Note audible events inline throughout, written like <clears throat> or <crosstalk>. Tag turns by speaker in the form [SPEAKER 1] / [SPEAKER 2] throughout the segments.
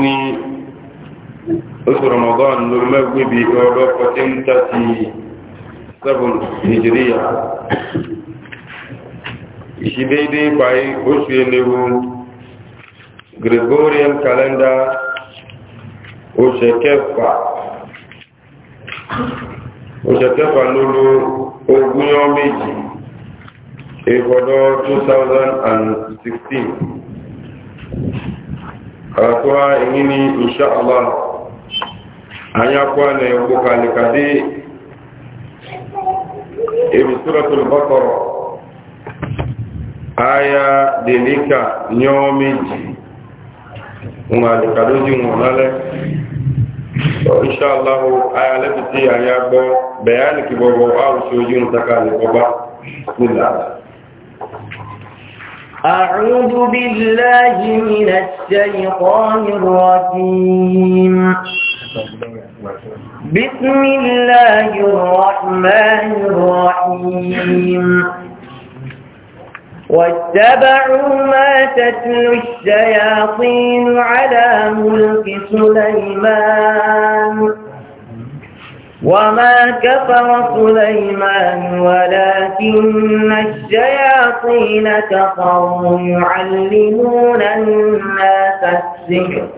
[SPEAKER 1] ní oṣù ramadan ló mẹ́gbé bí ọdọ́ 1437 nigeria ìṣìdéédé parí oṣù eléwu gregorian calendar oṣù kẹfà oṣù ogún yọ méjì ìfọdọ́ 2016 akwa ingini insha Allah anya kwa ne buka likadi ibi suratul baqara aya delika nyomi nga likado ji ngonale insha Allah aya lebiti anya bo bayani kibobo au shojun takali boba bismillah
[SPEAKER 2] أعوذ بالله من الشيطان الرجيم بسم الله الرحمن الرحيم واتبعوا ما تتلو الشياطين على ملك سليمان وما كفر سليمان ولكن الشياطين كفروا يعلمون الناس السحر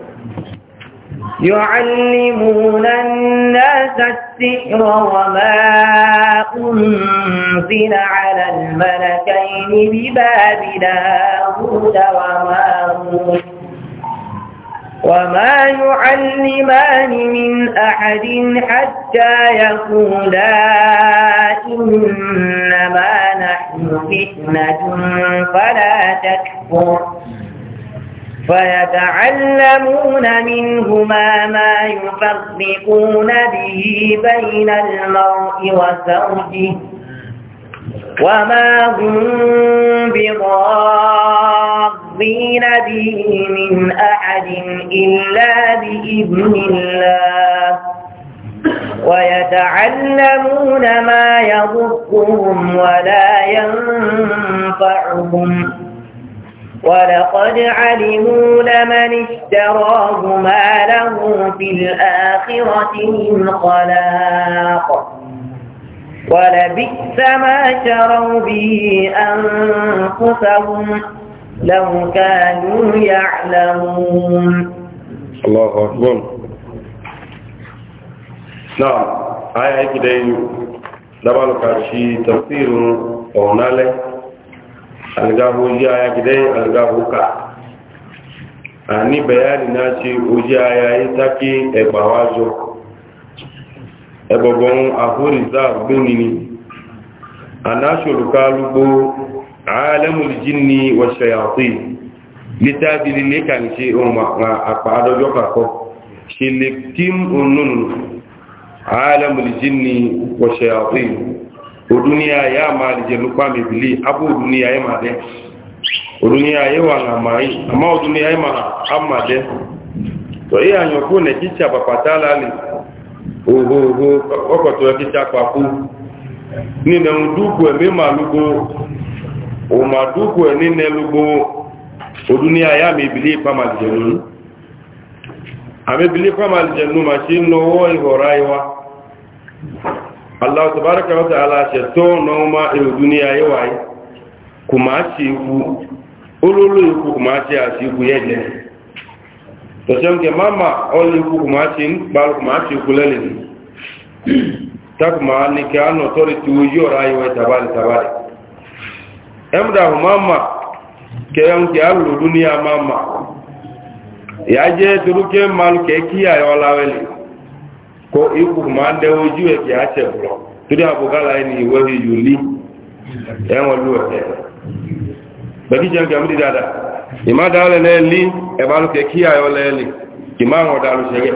[SPEAKER 2] يعلمون الناس السحر وما أنزل على الملكين ببابل هاروت وماروت وما يعلمان من أحد حتى يقولا إنما نحن فتنة فلا تكفر فيتعلمون منهما ما يفرقون به بين المرء وزوجه وما هم بضارين به من أحد إلا بإذن الله ويتعلمون ما يضرهم ولا ينفعهم ولقد علموا لمن اشتراه ما له في الآخرة من خلاق ولبئس ما شروا به أنفسهم لو كانوا يعلمون
[SPEAKER 1] الله أكبر نعم آية كده دبالو كارشي تفسير ونالي algahu ji آية gidai algahu ka a ni bayani na ce oji aya yi take egbawajo ẹgbọ̀gbọ̀n àfóríza gbónini anáṣòrùká lúgbó alẹ́mùlìjí ní wọ́ṣẹ̀ àti lítàbílì lẹ́kàn ṣe ohun àpá adọ́jọ́ kàkọ́ ṣe lè kí onúnù alẹ́mùlìjí ní wọ́ṣẹ̀ àti odúníyà yá máa lè jẹ̀lú pàmì ìbílẹ̀ abó odúníyà yẹ́ máa dẹ́ odúníyà yẹ́ wà nàmáyé àmá odúníyà yẹ́ máa dẹ́ tọ́ yíyàn yàn fún nẹ̀kí ohoho ọkọ̀tọ̀ ẹkíṣẹ́ àpapọ̀ nínú dúkù ẹ̀mí màlúgbò òmà dúkù ẹ̀ nínú ẹlúgbò odúní ayá mi ìbílé pàmàlìjẹ̀nú àmì ìbílé pàmàlìjẹ̀nú ma ṣe ń lọ́wọ́ ìhọ̀rá iwá ala tɔtɔn kɛ maa maa ɔlɛ ku kuma ti kpal kuma ti kulɛ le ni takuma ni kɛ anɔ tɔri ti o yɔra ayi wɛ tabali tabali ɛmuda maa maa kɛyɔn kɛ alolu ni a maa maa yadze toro kɛ malu kɛ ki ayɔ la wɛ le ko iku kuma dɛ o ju yɛ kɛ atsɛ blɔ tori abo kala yɛ ni wɛ yoli ɛwɔ lu yɛ bɛki jɛn kɛ mu di dada ìmá dáálẹ̀ náà lí ẹ̀bá ló kẹ kí ayọ́ lẹ́ẹ̀lì ìmá àwọn ọ̀dáàlù ṣẹgẹ̀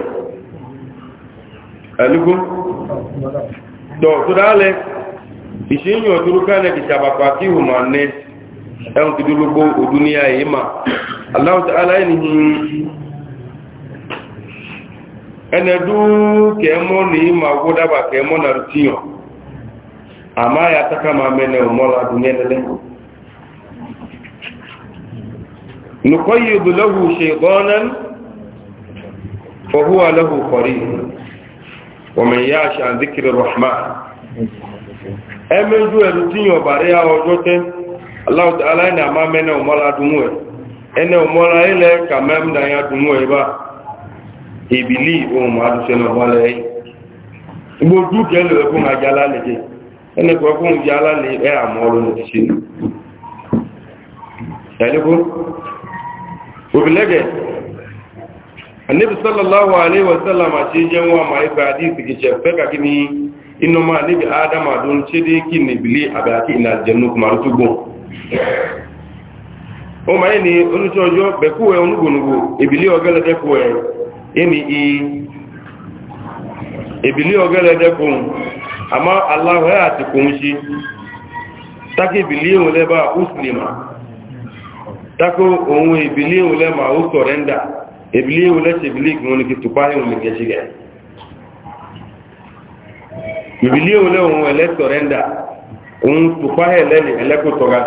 [SPEAKER 1] ẹ̀lúkú tọ̀ tó dáálẹ̀ ìṣíyàn tó rúkálẹ̀ ìṣàbàpà kí hù máa nẹ ẹ̀hùn tó dúró gbó òdú ní ayé mà aláwọ̀ta aláìníhìn ẹnẹdú نقيض له شيطانا فهو له قريب ومن يعش عن ذكر الرحمن ẹmẹjú ẹ̀rù tí yàn bàrí ọjọ́ tẹ́ ala aláìnà máa mẹ́nà ọmọlá dùnmú ẹ̀ ẹnẹ ọmọlá ilẹ̀ kà mẹ́mdà ya dùnmú ẹ̀ bá ìbìlì ohun àdúṣẹ́ náà wọ́n lẹ́yìn gbogbo kẹlẹ̀ ẹkùn àjá lálẹ́ ẹnẹkùn ẹkùn àjá lálẹ́ ẹ àmọ́ ọlọ́run obilege annabi sallallahu alaihi wasallam ce janwa ma ifa hadisi ki ce fe ka kini inna ma nabi adama don ce de ki ne bili abati ina jannu kuma rutugo o ma ni onu chojo be ku e onu gonugo ebili ogele de ku emi e i ebili ogele de ku ama allah ya ti kunshi taki bili o le ba muslima tako ohun ibili olẹ́ ma ó sọ̀rẹ́ndà ìbílẹ̀ olẹ́ ṣe ìbílẹ̀ ìgbìmọ̀ ní kí tùpáhìn olè gẹ̀ṣigẹ̀ ìbílẹ̀ olẹ́ ohun ẹ̀lẹ́ sọ̀rẹ́ndà ohun tùpáhìn lẹ́nì ẹlẹ́kùtọ́gá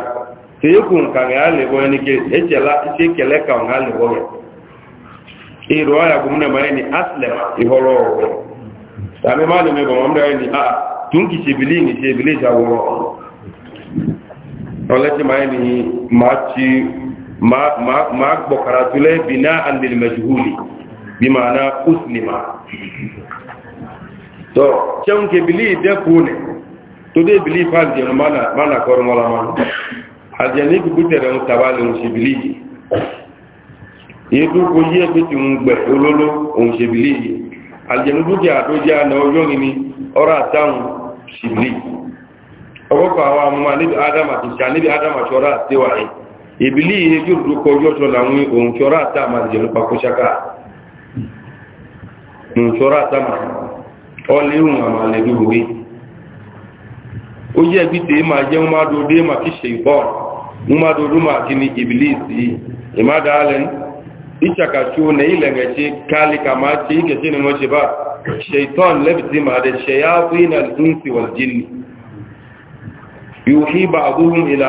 [SPEAKER 1] tí yóò kún kàn á lè wọ́n ní kí ẹ̀ṣẹ̀lá iṣẹ́ kẹlẹ́ kàn á lè wọ́n rẹ̀ èrò ayà gómìnà máa ní aslẹ̀mà ìhọ́rọ̀ ọ̀rọ̀ tàbí má lè mẹ́bọ̀ wọ́n ní àà tún kì ṣe ìbílẹ̀ ìṣe ìbílẹ̀ ìṣàwòrán ọlẹ́sìn máa ní máa ti ma ma ma bokaratu le bina an lil majhuli bi ma'ana uslima to chen ke bili de kune to de mana mana kor mala man ajani ku butere on tabale on se bili yedu ko ye be ti un gbe ololo on se bili ajani bu ja do ja na ojo ni ora taun sibili ọgọ́kọ̀ àwọn amúmọ̀ níbi Adam ti ṣà níbi adama ṣọ́ra àti wáyé e. ìbílí ihe yóò dúró kọjú ọ̀ṣọ́ làwọn ohun tí ọ̀rá àtàmà jẹ̀ nípa kó ṣáká ohun tí ọ̀rá àtàmà ọlẹ́hùn àmà lẹ́nu òwe ó jẹ́ ẹbí tèé máa jẹ́ wọ́n máa fi ṣe ìbọ̀ wọ́n máa dòdó máa ìbílí sí ìmáda alẹ́ ìṣàkàṣù ní ìlẹ̀ngẹ̀ṣẹ́ kálíkà máa ṣe ìkẹ̀ṣẹ́ ni wọ́n ṣe bá lẹ́bìtì máa dẹ̀ fún ìnà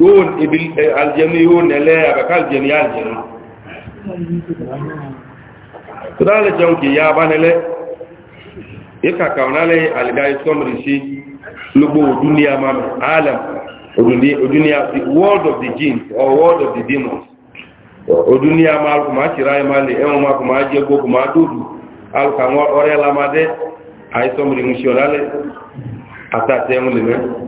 [SPEAKER 1] yóò ibi aljẹnu yóò nẹ̀lẹ́ àbẹ̀ká ya yá tó dá nke jẹun ya bá nẹlẹ́ ìkàkà ọ̀nálẹ́ àlìdá ìsọ́mìrì sí gbogbo òdúnlẹ̀ àmàmì alam òdúnlẹ̀ the world of the genes or world of the demons òdúnlẹ̀ àmà alùkùnmá kìrá ẹmà lè ẹwọn ma kùnmá jẹ gbogbo dòdù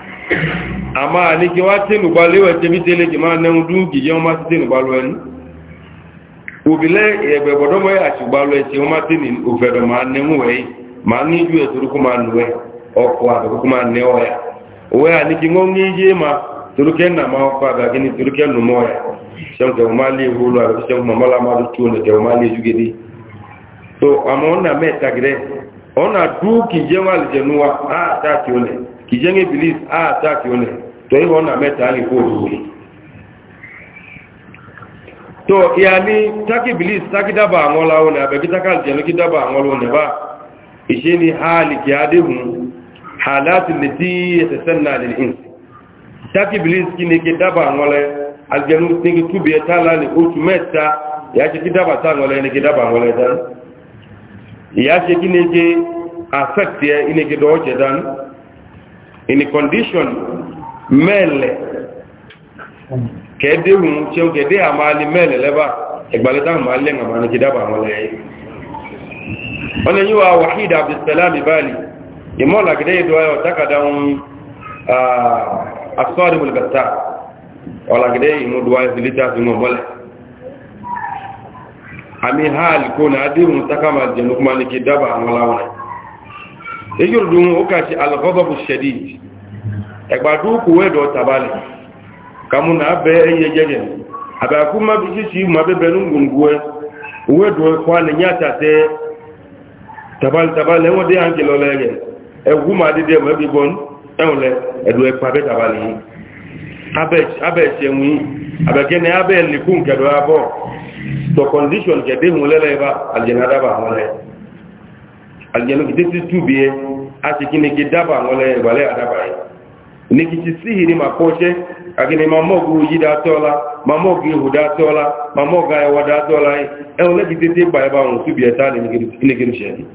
[SPEAKER 1] àmá ní kí wá tí nùgbà léwẹ̀ tí bí tẹ́lẹ̀ kì máa nẹ́run dún kìí jẹ́ wọ́n má ti tí nùgbà lọ ẹnu òbílẹ̀ ẹgbẹ̀ bọ̀dọ́mọ́ àṣùgbà lọ ẹ̀ṣẹ̀ wọ́n má tí ní òfẹ̀dọ̀ máa nẹ́run ẹ̀ máa ní ju ẹ̀tọ́ kó ni torúkẹ́ nù mọ́ ọ̀yà sẹ́wọ̀n máa lé wúlò àbẹ̀ sẹ́wọ̀n máa lá máa tó ní kẹ́wọ́n máa lé ju gidi tó àmọ́ ọ̀nà mẹ́ta gẹ́gẹ́ ọ̀nà dúkìí jẹ́ wà lìjẹ̀nu wa ó lẹ̀ kìjẹ́ngé bilis àtàkì ah, ọ̀nà tó ìwọ̀ ọ̀nà mẹ́ta ní kó òwúrò tó ìyà ní tákì bilis tákì dábà àwọn ọlá ọ̀nà àbẹ̀kí tákà jẹ̀lú kí dábà àwọn ọlọ́nà bá ìṣe ni hálì kí adéhùn hàláti lè tí ẹ̀sẹ̀sẹ̀ náà lè hìn tákì bilis kí ni kí dábà àwọn ọlẹ́ aljẹnu ní kí túbi ẹta lálẹ́ oṣù mẹ́ta ìyá ṣe kí ní ṣe kí ni kí in a condition mẹ́lẹ̀ kẹ́ẹ̀dẹ́ ohun tí ó gẹ̀ẹ́dẹ́ àmàlì mẹ́lẹ̀ lẹ́bà ẹgbàlẹ́ta àmàlì ẹ̀ngàmà ní kìdábà àwọn lẹ́yìn wọ́n ni yíwa wahid abdulsalam ibali ìmọ́lá gẹ̀ẹ́dẹ́ ìdọ́ ayọ̀ takada ohun asọ́rí mulgata ọ̀làgẹ̀dẹ́ ìmúdọ́ ayọ̀ sílítà fi mọ̀ mọ́lẹ̀ àmì hàlì kó na adéhùn takamà jẹ̀nukú ma ní kìdábà ejò dùn ó kà sí alùpàbàbù ṣẹ̀dí ẹ̀gbàdú kò wẹ́dọ̀ tàbálì kàmú náà bẹ ẹyẹ jẹjẹ àbẹ̀kú má bí sísì má bẹ́bẹ̀ ní gbòǹgbò de wẹ́dọ̀ ẹ̀kọ́ àníyàn àtàtẹ tàbálì tàbálì ẹ̀wọ̀n dé àǹkì lọ lẹ́rẹ̀ ẹ̀wù má dídé ẹ̀wọ̀n ẹ̀bí bọ́n ẹ̀wọ̀n lẹ ẹ̀dọ̀ ẹ̀pà bẹ́ tàbálì yìí abẹ́ ẹ̀ṣẹ̀wù yìí àbẹ̀kẹ́ni abẹ́ ẹ̀lẹ́kùn kẹ̀dọ̀ abọ́ the condition kẹ̀dé hun lẹ́lẹ́ bá àjẹ̀nàdàbà wọn lẹ́yìn aljanu kitesi tubie asiki niki daba ngole wale adaba ye niki tisihi ni mapoche akini mamogu yida tola mamogu huda tola mamoga ya wada tola ye eole kitesi ba ba ngu tubie tani niki niki msheni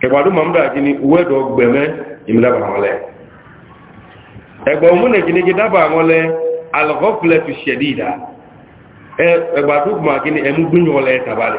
[SPEAKER 1] ebadu mamda uwe uwedo gbeme imdaba ngole shadida ma le tabale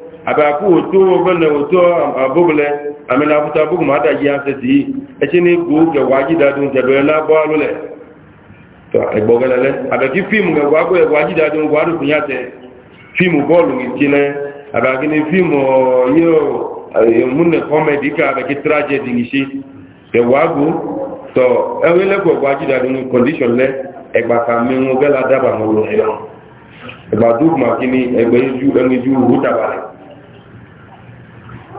[SPEAKER 1] abaku otu ogbele otu abụbụle amina abụta abụghị ma adaghị ya sesi eche na egwu kewa jidadun jadole na abụ alụle ẹgbọ̀gẹ́lẹ́lẹ́ àbẹ̀kí fíìmù ẹgbọ̀ agbó ẹgbọ̀ ajídájú ń gbárù fún yàtẹ̀ fíìmù bọ́ọ̀lù ìtìlẹ̀ àbẹ̀kí ni fíìmù yóò múnẹ̀ kọ́mẹ̀dì ká àbẹ̀kí tírájẹ̀dì ní ṣe ẹgbọ̀ agbó tọ ẹwẹ́ lẹ́kọ̀ọ́ ẹgbọ̀ ajídájú ń kọ́ndíṣọ̀n lẹ́ ẹgbà kàmí wọn bẹ́ẹ̀ ládàbà mọ́ lọ́yọ́ ẹgbà dúkùmà kí ni ẹgbẹ́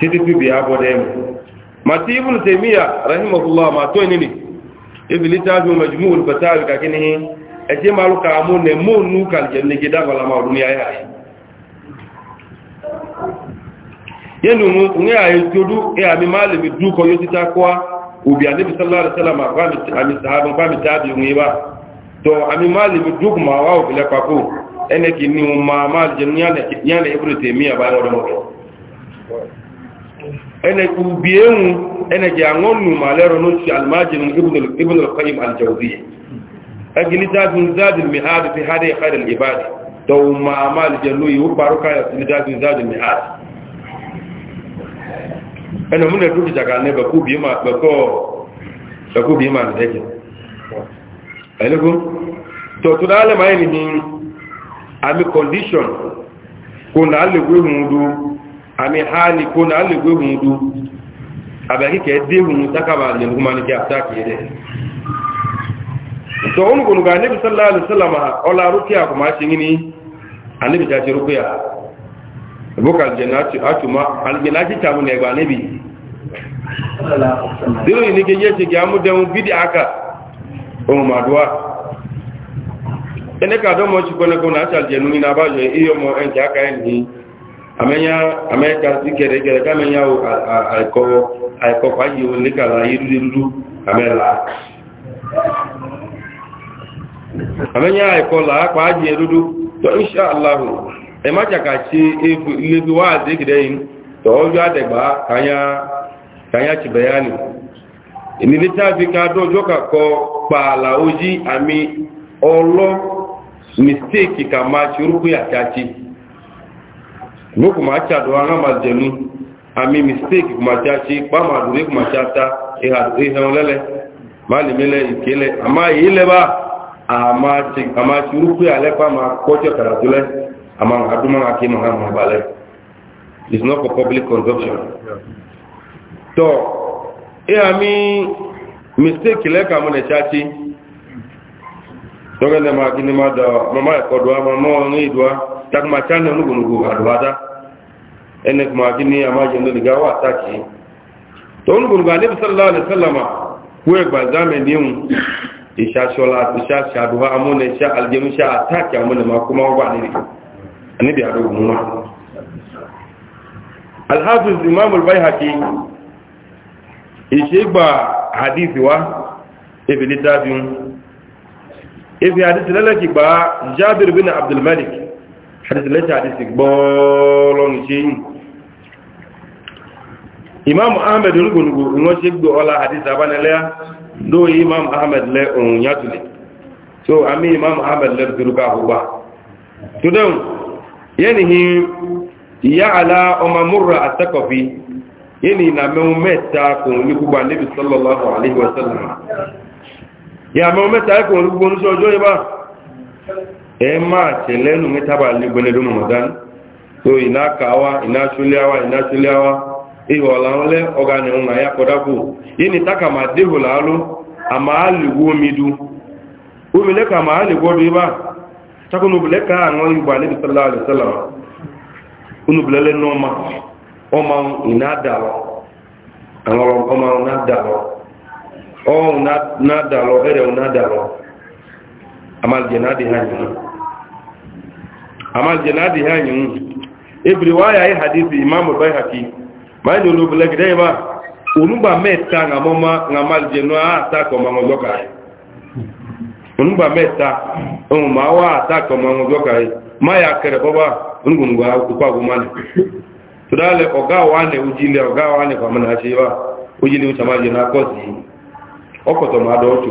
[SPEAKER 1] títí tí bí abọ́ dẹ́ mi ma ti ibùn tèmíyà rahimahullah ma tó ní ni ibi lítàbí majmú olùbẹ̀tàbí kàkí ní ẹjẹ́ ma lùkà mú nẹ mú nú kàlìjẹ̀ ní gidá balama ọdún yáyà rẹ̀ yẹnu mú ní àyè tódú ẹ àmì má lè mi dúkọ yóò títà kọ́ òbí àníbi sallallahu alaihi wasallam àmì sàhábà bámi tàbí òun yìí bá tó àmì má lè mi dúkọ ma wá òbí lẹ́pàá kó ẹnẹ́kì ni mo máa má lè jẹ ní yànlẹ̀ ibùn tèmíyà báyọ̀ ọdún mọ́tò ene ubiyenu ene je angonu malero nunsi almajin ibn ibn al-qayyim al-jawziyya agili zadun zadul mihad fi hadi khair al-ibad to ma amal jelu yu baruka ya zadun zadul mihad ene mun edu jaga ne ba ku bi ba ko ba ku ne je elegun to to dale mai ni ami condition ko na le gwe mu ami hali ko na le gbe du abaki ke de hun takaba le kuma ni ke ataki ga nabi sallallahu alaihi wasallam ola rukiya kuma shingini annabi ta ce rukiya bukal jannati atuma aljannati ga nabi dilo bidi aka o ma ka na ko na aljannuni je ihe. amenya ameka si kere kere kama nyao aiko aiko kwa hiyo nika la yiru yiru amela amenya aiko la kwa hiyo yiru to insha Allah e ma jaka chi efu ile bi wa de kide yin to ojo adegba kanya kanya chi bayani ni litafi ka dojo ami olo mistake ka ma ya kachi ní kò máa ṣàdọ̀ ara máa jẹnu àmì mistake kò máa ṣe àṣe pàmò àdúrí kò máa ṣe ata ìhẹ̀hún lẹ́lẹ̀ máa lè mílẹ̀ ìkélẹ̀ àmá èyí lẹ́bà àmá ti rú pé alẹ́ pàmò akọ́jọ́ kàràtú lẹ́ àmà àdúmọ̀ akí màá mọ̀ balẹ̀ it's not for public consumption. tọ́ ẹ àmì mistake lẹ́ka mọ̀ lẹ̀ ṣe àṣe tọ́gẹ́lẹ̀ máa kí ni máa dọ̀ mọ́ ẹ̀kọ́ takuma chana nugunugu aduwada ene kuma gini ama jendo liga wa taki to nugunugu alebi sallallahu alaihi wasallama kuwe gba zame niun isha shola isha shaduha amune isha aljenu isha ataki amune makuma wa nini anibi adugu muma alhafiz imam albayhaqi ishe gba hadithi wa ibi litafin ibi hadithi lalaki gba jabir bin abdul malik hadith lẹ́tẹ̀ hadith gbọ́ọ̀lọ́rùn ṣe yìí imam ahmed olúgbòlùgbò wọ́n ṣe gbò ọlá hadith abánilẹ́yà imam ahmed lẹ́ so ami imam ahmed lẹ́ turuka àhùgbà tó dẹ́hùn yẹ́nìí ìyá ọmọ múra àtẹ́kọ̀fí yẹ́nìí nà mẹ́un mẹ́ta kùn ní sallallahu alaihi wasallam yà mẹ́un mẹ́ta ema chelenu metaba ligbene do ramadan so ina kawa ina chuliawa ina chuliawa iho la ole ogane una ya kodaku ini taka madehu la alu ama aligwo midu ma kama aligwo biba takunu buleka ngo ibwa ni sallallahu alaihi wasallam unu bulele noma oma inada angolo oma unada o na nadalo ere unadalo amaljana adịghị anyị amaljana adịghị anyị nwụ ebiri waya anyị hadithi imam bayhaki ma anyị olu belegide ya ba onugba mẹ́ta na mọ́má na amaljana atakọ ma nwụjọ ka anyị onugba mẹ́ta ohun ma wa atakọ ma nwụjọ ka anyị ma ya kere bọba ngwungwu akwụkwọ agwụma na tụdalị ọga wa na ujile ọga wa na kwamana ha shi ba ujile uche amaljana akọzi ọkọtọ ma adọ ọchụ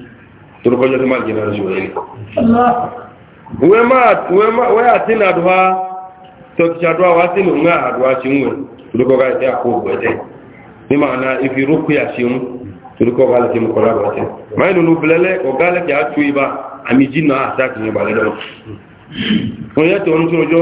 [SPEAKER 1] turkojo ti mal jinar joyi wema wema we atina dwa to chadwa watinu nga adwa chimwe turko ga ya ko bwete ni maana ifi ruku ya shimu turko ga ti mkola bwete maino nu blele o gale ya tuiba amijina asaki ni bale do oya to njojo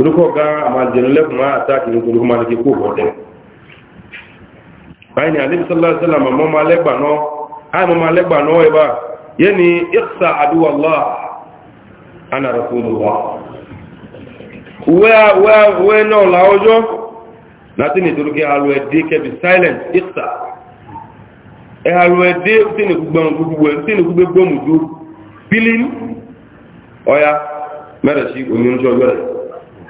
[SPEAKER 1] kuliko ga amajenle kuma ataki ni kuliko maliki ku bode bayni alim sallallahu alaihi wasallam mo malegba no ay mo malegba no e ba yeni iqsa adu ana rasulullah wa wa wa no la ojo lati ni turuki alwe dike bi silent iqsa e alwe de tini gugban gugbu tini gbomu du oya mere si njo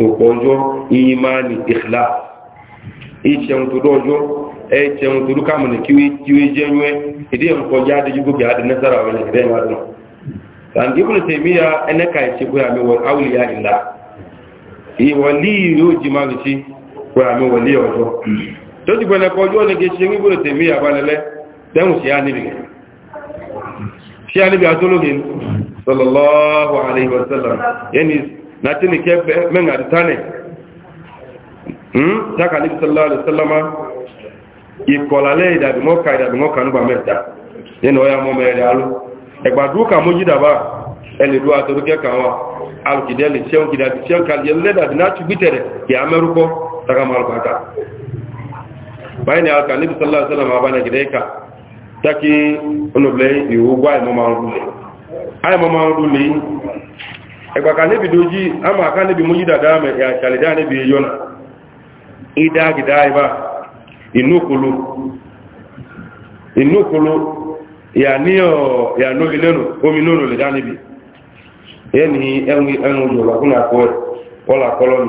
[SPEAKER 1] òpọ̀jọ́ ìyìnmáàni ìkìlá ìṣẹun tó dọ́jọ́ ẹ̀ṣẹun tó dúkàmù ní kíwé jẹ́yún ya ìdí ẹ̀mùkọjá adéjúgbòkè adínására àwọn ẹ̀rẹ́ ìwádùn and ibn taymiya ẹnẹ́ka ìṣẹ́kù àmì awliya ìlà ìwọ̀lí ìró jìmáàlù sí kò àmì wọ̀lí ọjọ́ ibn taymiya sallallahu alaihi wasallam nati ni ke men ga tane hmm ta ka nabi sallallahu alaihi wasallama ikola le da bi mo kai da bi mo kanu ba meta ni no ya mo me re alu e gba du ka mo ji da ba e le du atoru ke kan wa alu ki de le cheun ki da bi cheun ka ye le da bi na tu bitere ki ameruko ta ka mal ba ka bayani aka nabi sallallahu alaihi wasallama bana gideka taki ono ble iwo gwa mo ma ru ai mo ma ru ni ẹgbà níbi dojí a máa ká níbi mú yídà dáàmì ìyàṣàlẹ̀dá níbi yọ́nà ìdágidá ibá inúkulu inúkulu ìyànógi lẹ́nu omi lónà lè dá níbi ẹni ẹnu yọ̀lá fún àkọ́ ẹ̀ kọ́lá kọ́lọ́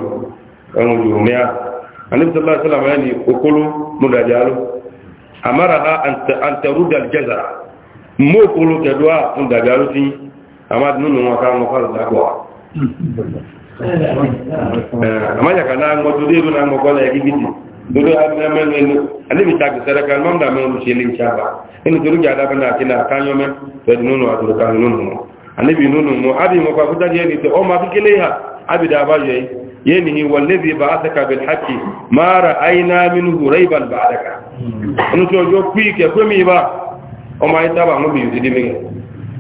[SPEAKER 1] mi ẹni okolo múdàjálú àmára ha àǹtẹ̀rúdà mú okolo amma nunu wa <laughs> kan ko da ko amma ya kana ngo to de na ngo ko la yiki biti do do abna men ni ani bi tag sara kan mam da men ci lin cha ba en to ruja da bana kina kan yo men to nunu wa to kan nunu ani bi nunu mo abi mo ko da je ni to o ma bi kile ha abi da ba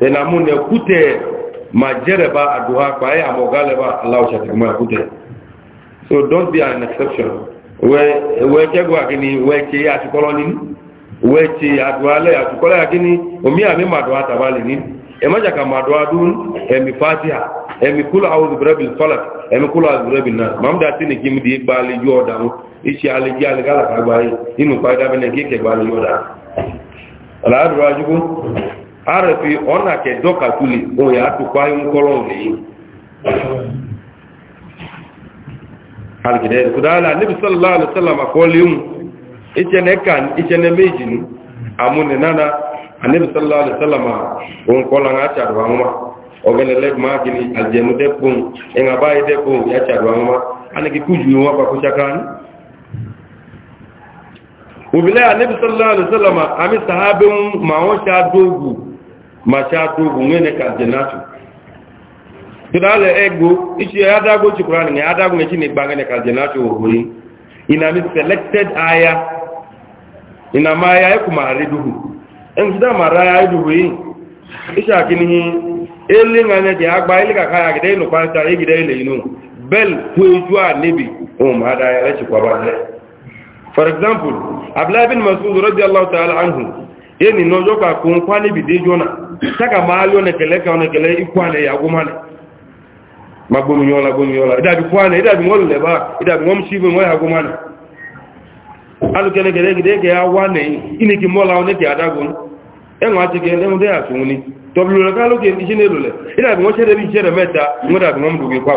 [SPEAKER 1] ina mun ne kute ma jereba aduha kwa ya mo galeba allah shata kuma kute so don't be an exception we we ke gwa kini we ke ya ti koloni we ti aduha le ya ti ya kini omi ami ma aduha tabali ni e ma jaka ma aduha dun e mi fatiha e mi kula a'udhu bi rabbil falaq e mi kula a'udhu bi rabbin nas mam da tin ki mi di gbali yo da mu ichi ale ji ale gala ka gbali inu pa da bene ki ke gbali aládùúgbò ajúgbó rfp ọ̀nà kẹ̀dọ́kà túlì òun yà á tó kwáyé ń kọ́rọ̀ nìyí alìkìdẹ́ ìkùdáàlà níbi sọ́lọ́lá alùsọ́lá àkọọ́lẹ́hùn ìṣẹ́nẹ́ méjì ní àmúnẹ̀ a àníbi sọ́lọ́lá alùsọ́lá òun kọ́lá na àníbi sallallahu alaihi wasallam àmì sàábé ma wọ́n ṣe àdógù ma ṣe àdógù ní ẹ̀ka jẹ̀nàtù tìdálẹ̀ ẹgbó iṣẹ́ adágó ti kúrò ní adágó méjì ní gbangẹ́ ẹ̀ka jẹ̀nàtù òhòrí ìnàmì selected aya ìnàmà aya ẹkù ma rí dùhù ẹni tìdá ma ra aya dùhù yìí iṣẹ́ àkíní for example abdullahi bin masud radiyallahu ta'ala anhu yeni nojo ka kun kwani bi dejona taka mayo ne kele ka ne kele ikwane ya gumane magbomi nyola gomi yola ida bi kwane ida bi ngol leba ida bi ngom sibu ngoya gumane alu kele kele ke ya wane ini ki mola one ki adagun enwa ti ke lemu de asuni to ka ni jine le ida bi bi meta ngoda bi ngom du bi kwa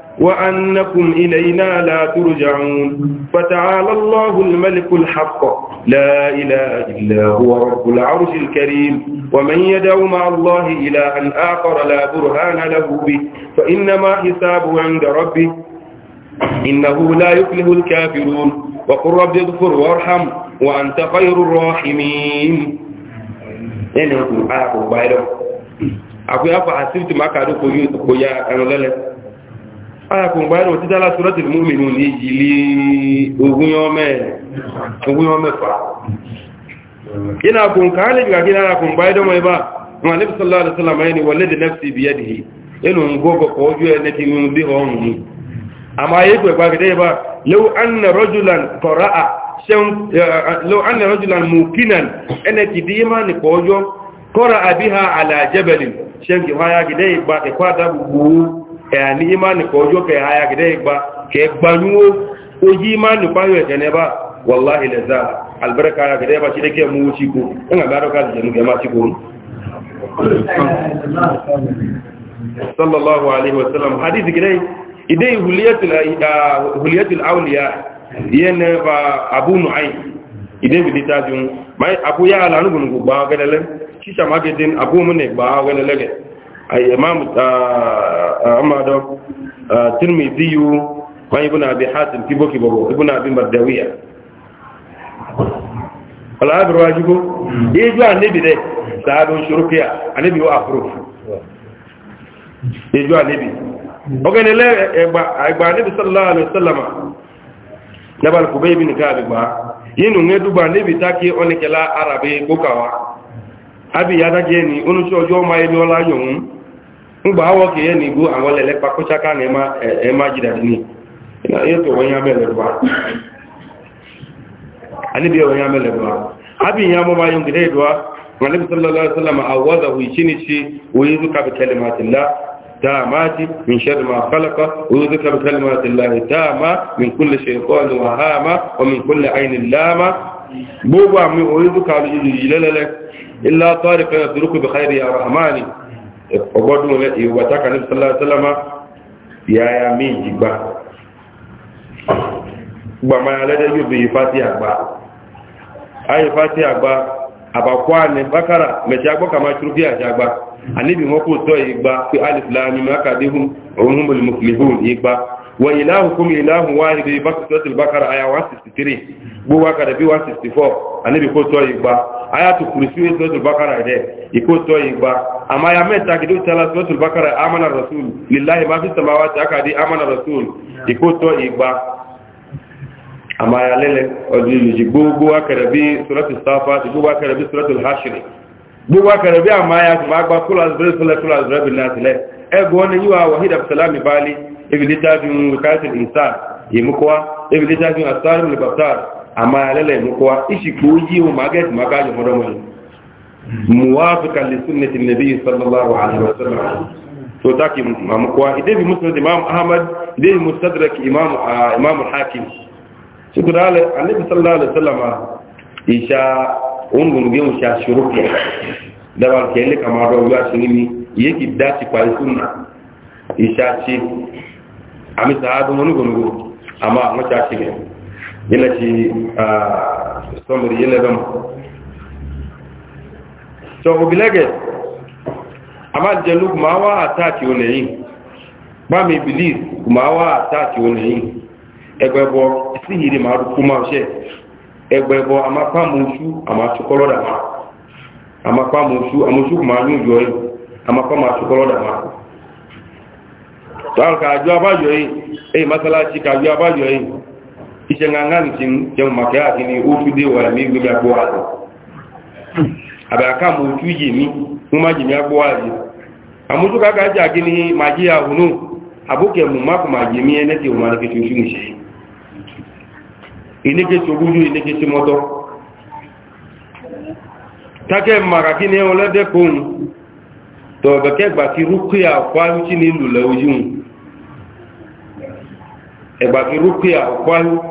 [SPEAKER 1] وأنكم إلينا لا ترجعون فتعالى الله الملك الحق لا إله إلا هو رب العرش الكريم ومن يدع مع الله إلى أن آخر لا برهان له به فإنما حسابه عند ربه إنه لا يفلح الكافرون وقل رب اغفر وارحم وأنت خير الراحمين يعني أقول أقول أقول أقول أقول أقول أقول أقول أقول أقول ayàkùn gbáyé náà títà láti rọ́tìlì múmìnú ní ìjìlí ogun ọmẹ́fà yana kun ka halin ga gina na kun bai da mai ba ma nabi sallallahu alaihi wasallam yana walle da mi bi ho mu amma yi ko ba gade ba law anna rajulan qara'a shan law anna rajulan mukinan anati dima ni ko jo qara'a biha ala ẹ̀yà ní ìmánu kọ ojú kẹ àyà gẹ̀dẹ́ ìgbà kẹ gbanúwó ojú ìmánu páyọ̀ ẹ̀tẹ̀nẹ́bà wàlá ilẹ̀zà albarka àyà gẹ̀dẹ́ bá ṣe lẹ́kẹ́ mú ó ṣíkó ẹ̀nà bá rọ́kà jẹ̀mú gẹ̀má ṣíkó sallallahu alaihi imam amado ah, ah, ah, tirmidhi yu wa ibn abi hatim kibo kibo ibn abi mardawiya ala abi rajibo hmm. yeju anabi de sahabu shurukiya anabi wa afruf yeju anabi hmm. ogene le egba egba anabi sallallahu alaihi wasallam nabal kubay bin kabi ba yinu ngedu ba anabi taki onikela arabi kokawa abi yadage ni onu so ojo ma ile ola yohun ngba awọ kìí ní igbó àwọn lẹ́lẹ́pa kó ṣáká ní ẹmá e, e jìdà ní ètò wọ́n yá mẹ́lẹ̀bà alìbí wọ́n yá mẹ́lẹ̀bà abin ya mọ́ bayan gida ìdọ́wà malibu sallallahu alaihi wasallam a wadda hu shi ne ce oyi zuka bi min sharri ma khalaqa oyi zuka bi min kulli shaytanin wa hama wa min kulli ainin lama gbogbo amin oyi zuka bi ilelele illa tariqa yasruku bi khairi ya rahmani ọgbọ́dún rẹ̀ ìwàtá kan ní sọ́lọ́sọ́lọ́má yàyà méjì gbá gbàmà alẹ́dẹ́ yóò bí ìfàtí àgbà ayé fàtí àgbà àbàkọ́ àmì bákàrà mẹ̀tí agbọ́kàmá ṣúrúfí àti àgbà àníbi wọn kò tọ́ ìgbà pé alìfìlàmì mákàdéhùn òun mọ̀lì mùsùlùmí ìgbà wọ́n ìlàhùn fún ìlàhùn wá ìdí bákàrà àyà 163 gbówákàdà bí 164 àníbi kò tọ́ ìgbà ayatu kursi wo suratul bakara de iko to igba amma ya meta gidu tala suratul bakara amana rasul lillahi ma fis samawati akadi amana rasul iko to igba amma ya lele odi ji gugu akarabi suratul safat gugu akarabi suratul hashr gugu akarabi amma ya kuma gba kula zbir kula kula zbir nas ne yiwa wahid absalami bali ibn litabin wakatil insan yimukwa ibn litabin asar ibn amma lele mu kuwa ishi ko yi mu magat maga ji mu ramu muwafiqan li sunnati nabi sallallahu alaihi wasallam to taki mu kuwa idai bi musnad imam ahmad idai mustadrak imam imam hakim shi ko dale annabi sallallahu alaihi wasallam isha ungun ge mu sha shuruki da ba kele kama do ya sinimi yeki dati kwa sunna isha ci ami sahabu mun gonugo amma mu sha ci ilati somri ilebam so obilege amal jeluk mawa atati oleyi bami iblis mawa atati oleyi egbebo sihiri maru kuma se egbebo amapa mushu ama chokoloda ma amapa mushu amushu kuma nyu joyi amapa ma chokoloda ma to alka ajo abajo yi e masala chi ka ajo abajo yi ìṣẹ̀ngangán ti jẹun màkẹ́ àti ní ó túdé wà ní gbogbo agbó àti àbẹ̀ká mo tú yè mí mo má jì ní agbó àti àmójú kága jà kí ni màjí àhùnú àbókẹ̀ mú má kò má jì mí ẹnẹ́kẹ̀ òun alẹ́kẹ̀ tó ṣú nìṣẹ́ ilékẹ̀ tó gúdú ilékẹ̀ tó mọ́tọ́ tákẹ́ màkà kí ni ọlọ́dẹ́ kóhun tọ̀bẹ̀kẹ́ gbà ti rúkúyà kwáyú tí ní lùlẹ̀ ojú ẹgbà ti rúkúyà kwáyú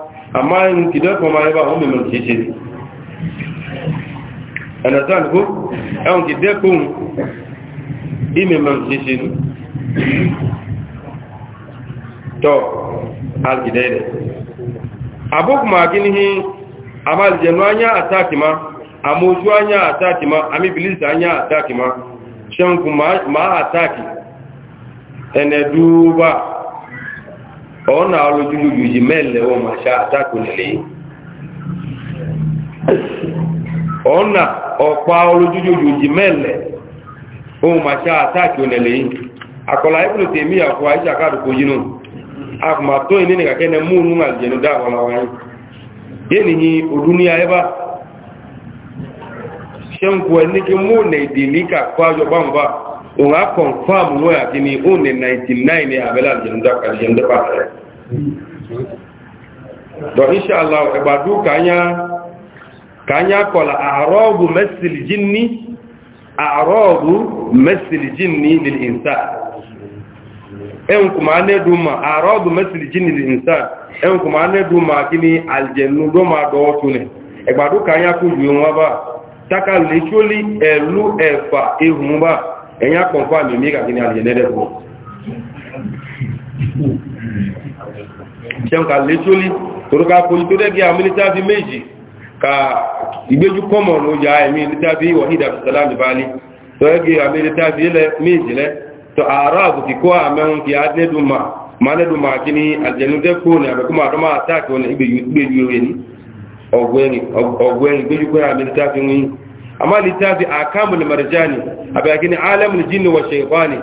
[SPEAKER 1] amma yin kidan kuma ya ba umu mai cece understand ko yawon kidan kun ime mai cece to algidai ne abu kuma ginihi A aljanu anya a takima amma ojú anya a takima amma ibilis anya a takima shan kuma ma a taki duba ọ̀nà olójúlójú yìí mẹ́lẹ̀ wọn máa ṣá àtàkùnlẹ̀ ọ̀nà ọ̀pá olójúlójú yìí mẹ́lẹ̀ wọn máa ṣá àtàkùnlẹ̀ akọ̀lá ìpínlẹ̀ tèmí àkọ́ àìṣà káàdùkú yínú àkùnmà tó ìní ní kàkẹ́ mú àjẹ̀nù dáwọn àwọn ayé yẹ́nì yí òdúníà ẹbá ṣẹ́ǹkù ẹ̀ ní kí mú nẹ̀ ìdè ní kàkọ́ àjọ báwọn báwọn òun á confam wọn àti ní 99 ní abẹ́lẹ̀ àjẹmúdàpá rẹ̀. dọ̀ inṣàlá ẹ̀gbàdú kányá kọ̀lá àrọ́ọ̀bù mẹ́sìlìjì ní àrọ́ọ̀bù mẹ́sìlìjì ní lè ìnsá ẹn kuma ne duma àrọ́ọ̀bù mẹ́sìlìjì ní lè ìnsá ẹn ne duma kí ní aljẹ̀nu dọ́mà dọ́ọ̀tún ní ẹ̀gbàdú kányá kú ẹ̀yìn àpọ̀nfà mi mí kàkí ní àlìyàn lẹ́dẹ̀ fún ṣẹ́nkà lẹ́tọ́lì torúkà poli tó dẹ́gẹ́ àmìlítà bí méjì ka ìgbéjú kọ́mọ̀ ló ya ẹ̀mí níta bí wàhídà ma nìbálí tó dẹ́gẹ́ àmìlítà bí méjì lẹ́ tó àárá àbùkì kọ́ àmẹ́hùn kí á ma máa nẹ́dùnmà kí ní àlìyàn amma littafi akamul marjani abagini alamul jinni wa shaytani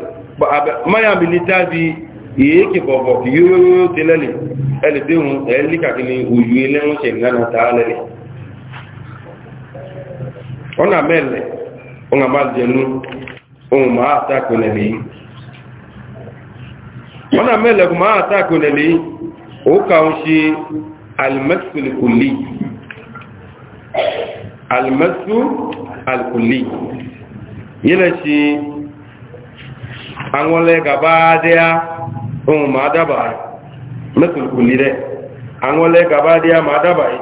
[SPEAKER 1] ma ya littafi yake bobo yoyoyo tilali elidehun elika kini uyu ile won se ngana taalele ona mele ona maljenu on ma ataku nemi ona mele ko ma ataku nemi o ka o se kulli almasu alkulli yana shi an wale gaba daya ohun ma daba masu alkulli dai an wale gaba daya ma daba yi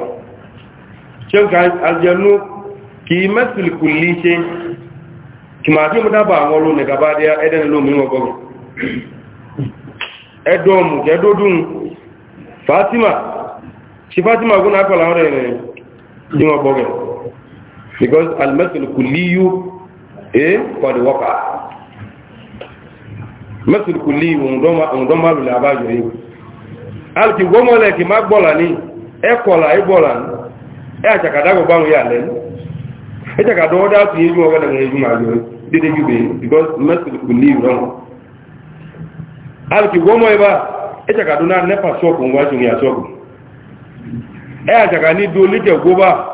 [SPEAKER 1] ṣe ka aljannu ki masu alkulli ṣe ki ma fi mu daba an walo ne gaba daya edan lomi wagogo edomu edodun fatima ṣi fatima guna akwala ọrẹ ni wọn because almasul kulliyu eh, masul kulliyu ndoma ndoma lu labaju ni alki gomole magbola ni e kola e bola e atakada go bawo ya len e taka do da ti eju o ga na eju ma jo dede jube because kulliyu ba e do na nepa shop ngwa ju ni ashoku ni do goba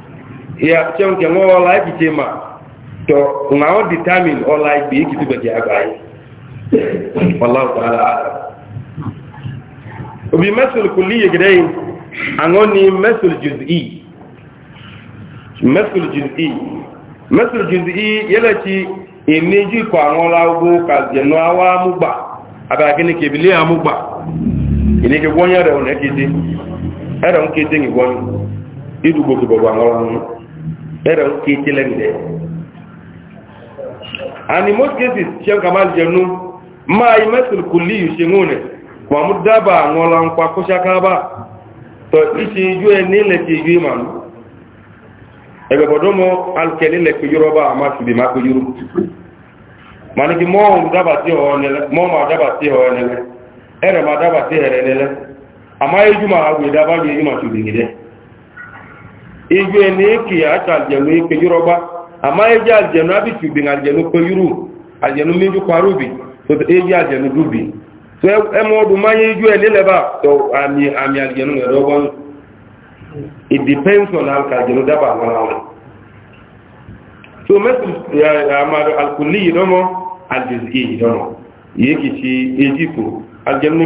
[SPEAKER 1] ya chem ke mo wala ki ma to nga ọ determine o like bi ki tube anyị. abai wallahu ta'ala obi masul kulliye gidai angoni masul juz'i masul juz'i masul juz'i yala ti emeji ko awon lawo ka jenu awa mugba aba kini ke ah, bile amugba ini ke wonya na on ekiti era on kete ngi idu gbogbo gbogbo ọrụ. ẹ̀rẹ̀ ń ké tí lẹ́nu dẹ̀. and in most cases ṣe ń kàmá ma máa yí mẹ́sìlì kò líyù ṣe ń rẹ̀ wà mú dábà àwọn ọlọ́npa kó ṣakábà tọ́ ìṣe ijú ẹ nílẹ̀ ti ijú ọ nù ẹgbẹ̀ bọ̀dọ́ mọ́ alùkẹ́ nílẹ̀ pé yọrọ bá àmà Ama igwe na-eke acha aljenu ikpe yoruba ama eji aljenu abichi ubi na aljenu aljenu meju kwara ubi eji aljenu dubi so eme ọdụ e mmanya iju e ele ami ami aljenu nwere ọgbọnụ it depends on how aljenu daba ahụhụ so mesu alkuli idomo idomo ihe kichi aljenu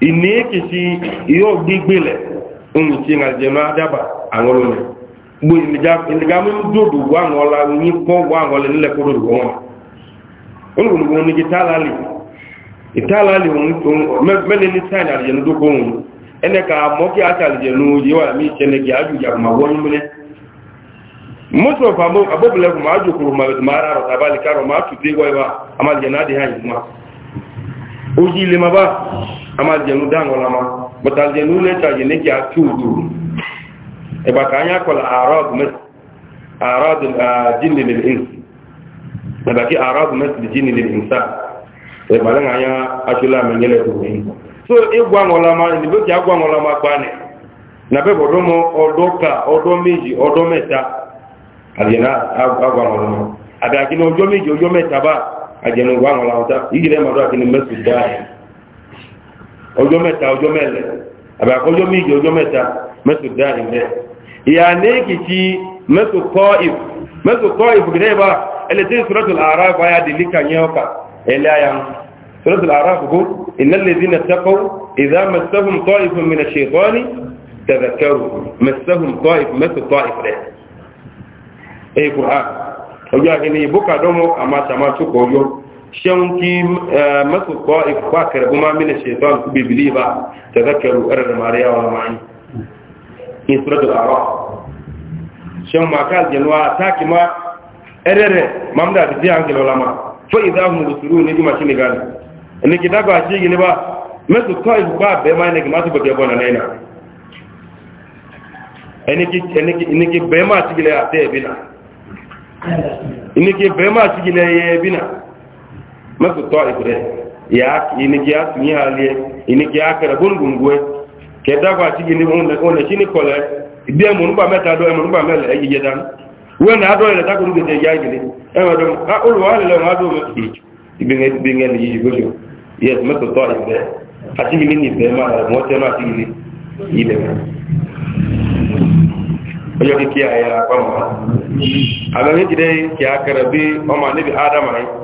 [SPEAKER 1] inekisi iyo gbigbele nti na jema daba angolone bu imija indiga mu dudu wa ngola ni ko wa ngole le ko dudu ngona ngu ngu ni gitalali italali un mele ni tanya je ndu ko un ene ka mo ki atali je nu ma won mune ma aju ko ma mara ro amaljanu dango lama but aljanu le ta yene ki atudu e ba ka nya kol arad mas arad al ah, jinn lil ins e ba ki arad mas al jinn lil insan e ba nga nya ashula men yele du ni so e gwa ngola ma e ni be ki agwa ngola ma pa ne na be bodo mo odoka odo meji odo meta aljana agwa ngola ma ada ki no ojo meji ojo meta ba ajenu gwa ngola ta igire ma do akini mesu dai ọjọ́ mẹ́ta ọjọ́ mẹ́lẹ̀ àbàkọ́jọ́ méjì ọjọ́ mẹ́ta mẹ́tò dá ilẹ̀ ìyá nẹ́ẹ̀kìtì mẹ́tò kọ́ ìf mẹ́tò kọ́ ìf gẹ́gẹ́ bá ẹlẹ́tẹ́ sọ́rọ́tùl àràf ayá dìlí kànyẹ́ ọkà ẹlẹ́ ayá ń sọ́rọ́tùl àràf kó ìnálẹ́dí na tẹ́kọ́ ìdá mẹ́tẹ́hùn kọ́ ìf mìíràn ṣèkọ́ni tẹ̀rẹ̀kẹ́rù mẹ́tẹ́hùn kọ́ ìf mẹ́tò kọ́ ìf rẹ̀ ẹ̀yẹ kùrán ọjọ́ àkẹ́ni ìbúkàdọ́mọ́ àmàṣàmàṣùkọ̀ ọjọ́ shan ki masu kwa ikwa karbu ma mina shaitan ku bibili ba ta zakaru ƙarar mariya wa ma'ani in suratul araf shan maka aljanwa ta ki ma erere mamda da jiya hankali ulama fa idza hum yusuru ni ma shi ne gani ne ki daga shi gini ba masu kwa ikwa be ma ne ki masu bakiya bona naina eniki eniki eniki be ma shi gile a te bina eniki be ma shi gile ye bina masu tɔ ibire ya ini kia tuni halie ini kia kɛrɛ bon gungue kɛ dagba tigi ni ɔnɛ sini kɔlɛ bia mun ba mɛ ta dɔ mun ba mɛ lɛ je yɛdan wɛn na dɔ yɛlɛ ta kuru gɛdɛ ya gɛlɛ ɛmɛ dɔn a olu wa lɛ ma dɔ mɛ bingɛ bingɛ ni yi gosi yes masu tɔ ibire a tigi ni ni bɛɛ ma la mɔ ma tigi ni yi dɛmɛ ɔjɔ kikiya yɛrɛ a kɔnɔ a bɛ ne ti dɛ kia kɛrɛ bi ɔma ne bi adama ye.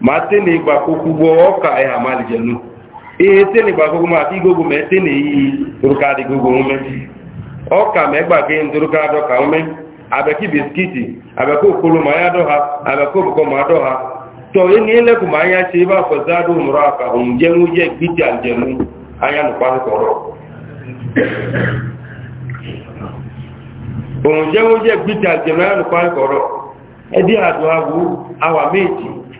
[SPEAKER 1] ma tene igba kwụkwụ gwọ ọka ịha e malijenu ihe tene igba kwụkwụ ma igogo ma tene iyi rụkarị gogo ume ọka ma ịgba gị ndụrụka adọka ume abeki biskiti abeki okporo ma ya ha abaki okpoko ma adọ ha tọ ịnụ ilekwu ma anya chi ebe afọ afọzi adụ ụmụrụ aka njenwu je gbiti aljenu anya nụkwa nkọrọ òun jẹ́wọ́ jẹ́ gbíjà jẹ̀mọ́ ẹ̀rùn pa ẹ̀kọ̀rọ̀ ẹdí àdùn àwọ̀ awa méjì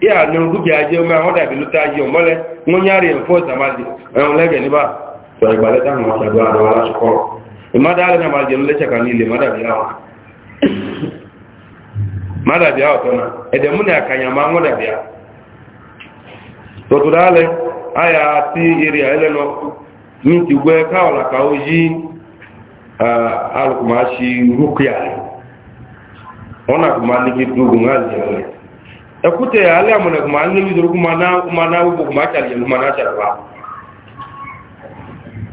[SPEAKER 1] ìhà ní orúkẹ ajé omi àwọn dàbí ló tá ajé ọmọlẹ wọn yára ẹ̀ fọ́ ìsàmájì ẹ̀hún lẹ́gẹ̀ẹ́ níbà sọ ìgbàlẹ́ táwọn ọ̀ṣàdó àdó aláṣọkọ́ ìmádàálẹ̀ náà máa jẹun lẹ́ṣẹ̀ kan ní ilé mádàbí àwọn mádàbí àwọn tọ́nà ẹ̀dẹ̀mú ni àkànyà máa wọ́n dàbí à tọ̀tọ̀dálẹ̀ àyà àti eré ní kí dúgùn á jẹun rẹ̀ ẹkútẹ alẹ́ àmọ̀nà kùmà ń lórí ìdúró kùmà náà gbogbo kùmà ṣàlẹ̀ ìlú màá ṣàlẹ̀ wa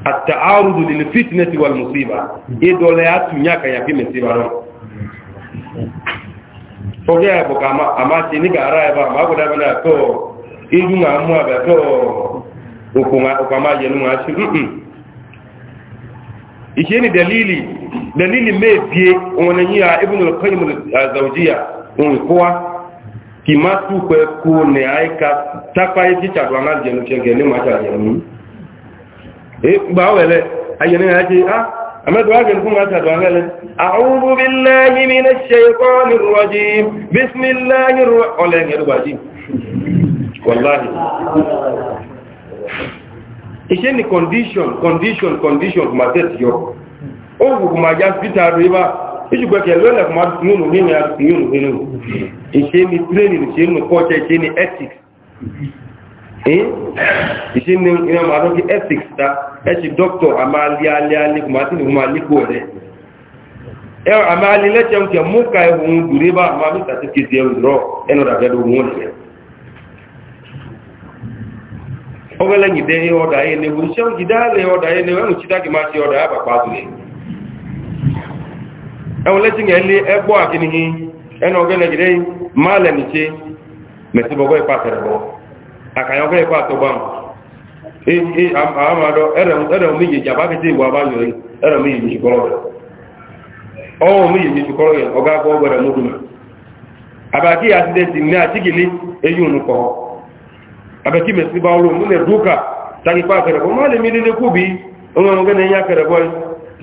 [SPEAKER 1] àtà àrùdù lílì fitness boka lùsíbà ìdọ̀lẹ̀ àtúnyà kàyàfí mẹ́síbà náà ọjọ́ ẹ̀bùkà àmá ṣe ní gàárà ẹ̀bà àmàgbọ̀dá mẹ́ta tó ìlú máa mú àbẹ̀ tó òkò máa yẹnu máa ṣe ìṣe ni dalili dalili mẹ́ẹ̀bíye òun ni yíya ibùdó kọ́yìmù àzàwùjíyà òun ìkọ́wá kìmá túpẹ́ kú ní àíká tápáyé títà tó àmà jẹnu ṣẹgẹ̀ ní máa ṣàjẹ̀mú gbà wẹ̀lẹ̀ ayẹni àti á àmẹ́tò ágẹ̀lú fún máa ṣàdọ̀ àmẹ́lẹ̀ àwúrú bí lẹ́yìn mi ní ṣe ikọ́ ní rọ̀jí bísmìláyìn rọ̀ọ̀lẹ̀ ẹ̀rùgbàjí ìjùgbọ́ kẹ lọ́nà kọmọ múnù nínú àtúnyùnù nínú ìṣe ni training ìṣe ni culture ìṣe ni ethics ìṣe ni ìrìn àmà àtọ́kí ethics ta ẹ̀ṣì doctor àmà alíalíalí kọmọ àti ìhùn àlíkò rẹ̀ àmà alílẹ́ṣẹ̀ ń kẹ mú ka ẹ̀hùn dùré bá àmà mí sàtífìkì ẹ̀rù rọ ẹnu ràgẹ́dọ̀ òun rẹ̀ ọgbẹ́lẹ́yìn dẹ́ ọ̀dà yẹn ni òṣèlú jìdá lẹ́ ọ̀dà yẹn ni ẹ̀rù ẹwọlẹ́tí ń ẹlé ẹgbọ́ àkínigí ẹnu ọgẹ́nà gẹ́gẹ́ máa lẹ́ni tí mẹ̀síbọ̀gọ́ ipa tẹ̀rẹ̀bọ̀ àkàyọ̀gọ́ ipa tọgbàm àmàdọ̀ ẹ̀rọ méjì jàbá kẹtẹ́ ìwà bá yọrí ẹ̀rọ méjì ní ṣùkọ́rọ̀ rẹ̀ ọwọ́ méjì ní ṣùkọ́rọ̀ rẹ̀ ọgá gbọ́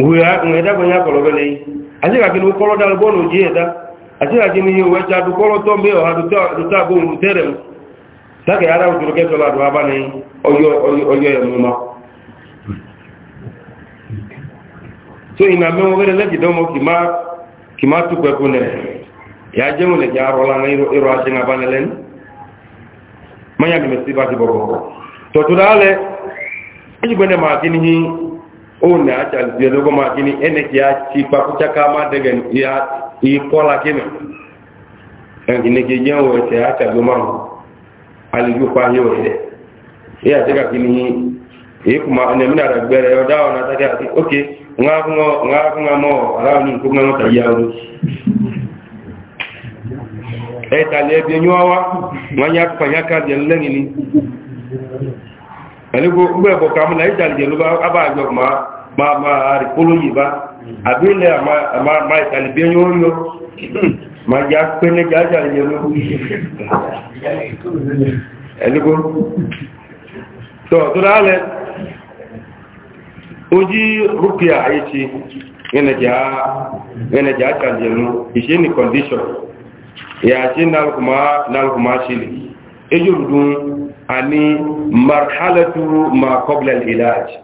[SPEAKER 1] ẹ̀dàgbọ̀nyá kọ̀lọ̀ bẹ́lẹ̀ yìí àṣíkàkí ni ó kọ́lọ́ dá lọ́gbọ́n òjì ẹ̀dá àṣíkàkí ni ìwẹ̀ ṣe àdúkọ́lọ́ tọ́ mẹ́ ọ̀há dùtàgbò òun tẹ́rẹ̀ sákẹ̀ ara òjò kẹsọ̀lá àdúrà bá ní ọyọ́ ẹ̀mọ́má tó ìnà mẹ́wọ́n bẹ́rẹ̀ na dánwọ́ kì ti ni òun ní àti àlùfíẹ́dógún máa kí ní ẹnìkì á ti pakúcháká máa dẹ̀gẹ̀ ìyá ìkọ́lá kí náà ẹnìkì jẹ́ òun ẹ̀sẹ̀ àtàgbé máa hù àlejò pa ayé òṣèlẹ̀ ìyá àti kàkí ní èékù máa ẹni ẹ̀mí nàdà gbẹ̀rẹ̀ ọ̀dá ọ̀nà àtàkì àti ókè ńlá fún ọmọ aráàlú nǹkó mẹ́wọ́n tàbí àwọn ẹ̀tàlẹ̀ ẹbí ẹni wá wá wọ́n yá pàyákà jẹ lẹ́yìn ni ẹ̀lẹ́gbẹ̀ẹ́ bọ̀ kàmúlà ìjàlẹ̀ jẹ̀ ló bá àgbà àjọ máa ma ma rikolo yi ba abi le ma ma ma itali bi yo yo <clears throat> ma ja pe ne ja ja le lo <laughs> eligo to to dale oji rukia aichi ene ja ene ja ja le lo ise ni condition ya ji nal kuma nal kuma shili ejurudun ani marhalatu ma qabla al ilaj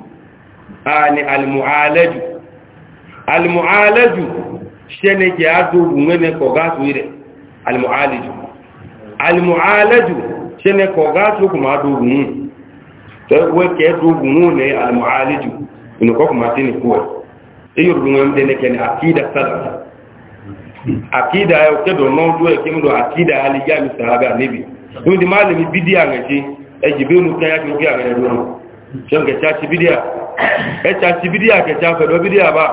[SPEAKER 1] ani almu'alaju almu'alaju shene je adogu ngene ko gasu ire almu'alaju almu'alaju shene ko gasu kuma adogu mu to we ke adogu mu ne almu'alaju ino ko kuma tini ko e yoru ngam de ne ken akida salaf akida yo ke do no do e kim do akida ali jami sahaba nabi ndi malami bidia ngaji e jibenu kaya ngi agare do ṣeun kẹta ti bídíà ẹta ti bídíà kẹta fẹ̀dọ̀ bídíà bá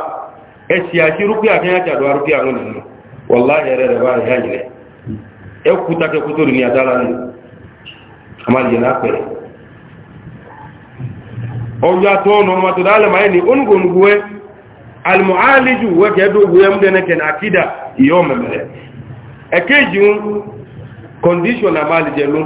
[SPEAKER 1] ẹ̀sì àti rúkúyà kẹyà tàdọ̀ rúkúyà lónìí nù wọ́lá ẹ̀rẹ́ rẹ̀ bá rẹ̀ hàn ilẹ̀ ẹ kú takẹ́kú tó ní adára nù àmàlìyàn àpẹẹrẹ ọjọ́ àtọ́ ọ̀nà ọmọ tó dálẹ̀ máa ní onígbòǹgbò ẹ alìmọ̀álìjù wẹ́kẹ́ dógbò ẹ múdẹ́nẹ́kẹ́ ní àkídà ìyọ́ mẹ̀mẹ̀rẹ̀ ẹ̀kẹ́jì ń kọndíṣọ̀n àmàlìjẹ̀ ló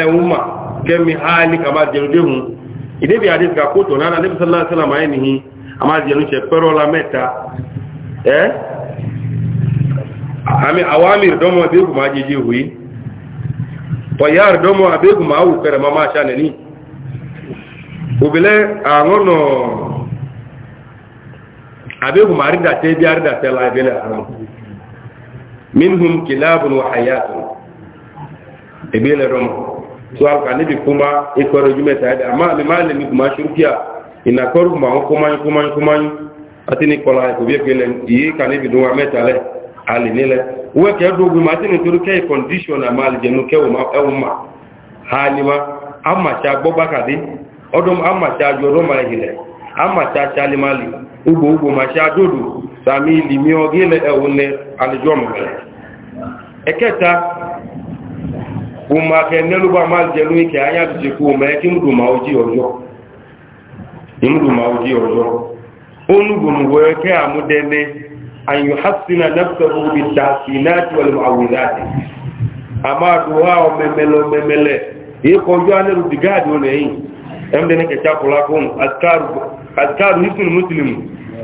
[SPEAKER 1] ẹ̀hún mà kẹ́mi áálì kàmàlìjẹ̀ ló déhùn ìdébì àdéhùn ká kóòtù náà níbi sọ́lá sọ́lá máa ń nìyí a máa jẹ́ lóṣẹ̀ pẹ́rọ́lá mẹ́ta ẹ́ àmì àwámi ìrìdọ́mọ̀ abẹ́gùn máa jẹ́ jẹ́ hùí tọ̀yá ìrìdọ́mọ̀ abẹ́gùn máa wù kẹrẹ máa ṣà nìní òbílẹ̀ àwọn nọ to al ka ne bi kuma e koro jume ta da amma mi male mi kuma shurkiya ina koro kuma on kuma kuma kuma atini kola ko bi ke len ka ne bi do ameta le ali ni le we ke do bi ma tini turu ke condition amal je nu ke o ma e ma halima amma cha gbo bakade odum amma cha joro ma hile amma cha cha limali ugbo ugbo ma cha dodo sami limi ogile e wonne alijom eketa uma kenelu ba mal jelu ke anya bi ku ma e ki mudu ma oji ojo imudu ma oji ojo onu bu mu we ke amudene an yuhassina nafsuhu bi tahsinat wal muawidat ama duwa o memelo memele e ko jo ale ru digadi one yin emde ne ke chakula kun azkar azkar hisul muslim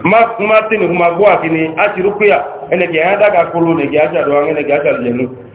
[SPEAKER 1] ma kuma tinu ma gwa kini ati rukuya ene ke anda ga kulu ne ga ja do ene ga ja jenu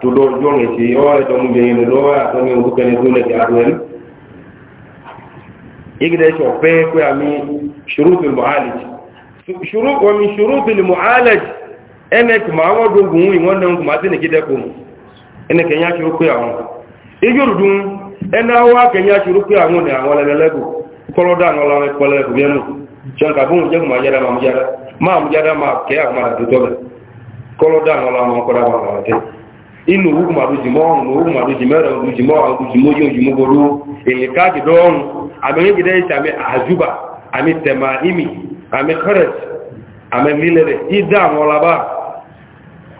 [SPEAKER 1] tudo jonge ci yoore to mu jeni do wa to mu ko kene dole ci adwen igde to pe ko ami shurut al mu'alij shurut wa min shurut al ma wo do gun wi ma tene kide ko ko ena wa ke nya shurut ya yawon da wala lelebu kolo da ngola ko lelebu yenu jonka bun je ma yara ma mu ma mu ma ke ma ma ko da inú owó ruji jìmọ́ ọ̀run owó màdó jìmọ́ ẹ̀rọ ọ̀run jìmọ́ ọ̀run jìmọ́ yóò jìmọ́ gbogbo èyí káàkiri ọ̀run àmì ẹ̀yẹ́gidẹ́ ìṣẹ́ àmì àjúbà àmì tẹ̀mà ìmì àmì kọ́rẹ̀t àmì lílẹ̀rẹ̀ ìdá àwọn ọlọ́ba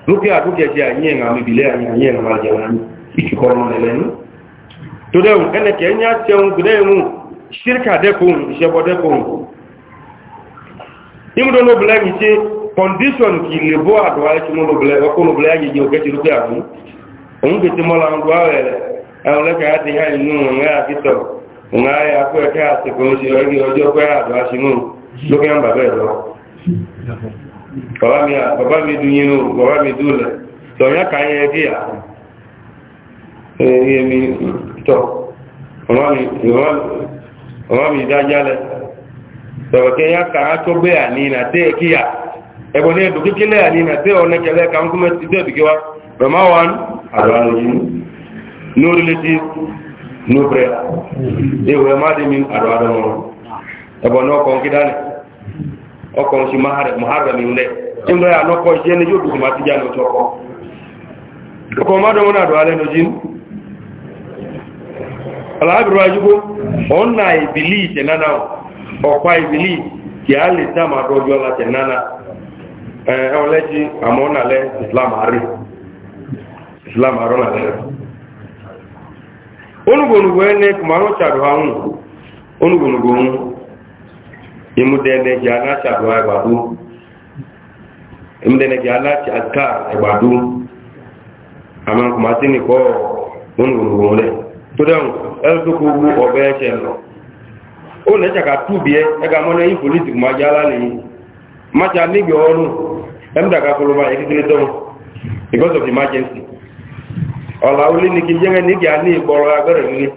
[SPEAKER 1] lókè àdókẹ́jẹ́ àyẹ̀yẹ̀ àmì ìbílẹ̀ àyẹ̀yẹ̀ àmì àjẹ̀wà anyi ìkìkọ̀ọ̀run lẹ́lẹ́nu tó dẹ́hùn ẹnẹ̀kẹ́ ẹ̀yẹ́ condition ki le bo adwa e tumo bele ko no bele ayi o kete rupe amu on ke timo la ngwa ele ka ati ha nga nga ya e ko ka ati ko ko ya adwa si nu do baba mi baba mi ya ka ye ki ya
[SPEAKER 3] e mi to baba mi
[SPEAKER 1] baba mi da jale to ke ya ka ani na te ki ya ẹgbọ́n ní ẹ̀dùn kíkílẹ̀ àníyàn tí ọ̀nà kẹlẹ̀ kan kú mẹ́tí tẹ́ ìdíkẹ́ wa bẹ̀má wọn no relative no prayer ewu ẹ̀ má dé mi àdúrà wọn ẹgbọ́n ní ọkọ̀ nkídá ni ọkọ̀ nṣe mahara mi lẹ̀ tí wọ́n yà lọ́kọ̀ iṣẹ́ ni yóò dùn máa ti já ní ọjọ́ ọkọ̀ ọkọ̀ má dọ̀ ẹ̀họ́n lẹ́jì àmọ́ nàlẹ́ islam islam àárọ́ nàlẹ́ onugbonugbo ẹni kùmàrù ṣàdùn àwọn onugbonugbo ń ìmúdẹ́nẹ̀jì aláṣàdùn ẹgbàdú ìmúdẹ́nẹ̀jì aláṣàdùn ẹgbàdú àmọ́ kùmàtí nìkọ́ onugbonugbo ń lẹ̀ macha níbi ọrùn ẹmdàkà ma ìkékeré tọ́mù because of emergency ọ̀là olè ní kí jẹ́rẹ́ níbi àní ìgbọ̀rọ̀ agbẹ́rẹ̀ nílé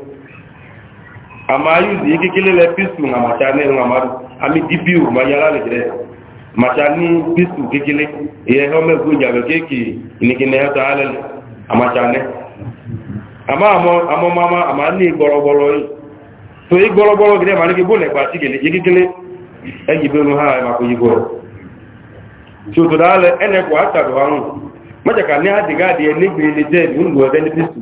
[SPEAKER 1] àmà ayúzì ìkékeré lẹ pístù àmàcha ní ẹ̀rùn àmàdù àmì dpu mayala lè jẹ́ màcha ní pístù kékeré ìyẹn helmet go jàbẹ̀ kéèkì ìnìkìnà ẹ̀ta alẹ́ àmàcha ní àmà àmọ́ mama àmà ní ìgbọ̀rọ̀gbọ̀rọ̀ yìí so ìgbọ̀rọ̀gbọ̀rọ̀ gẹ́gẹ́ màá maka ṣòtòdá ala ẹnẹ́kọ̀ àtàrò àwọn a ní àdìgáàdì ẹlẹ́gbẹ̀ẹ́ ilé jẹ́ ìlú ìlú ọ̀dẹ́ ní pìsù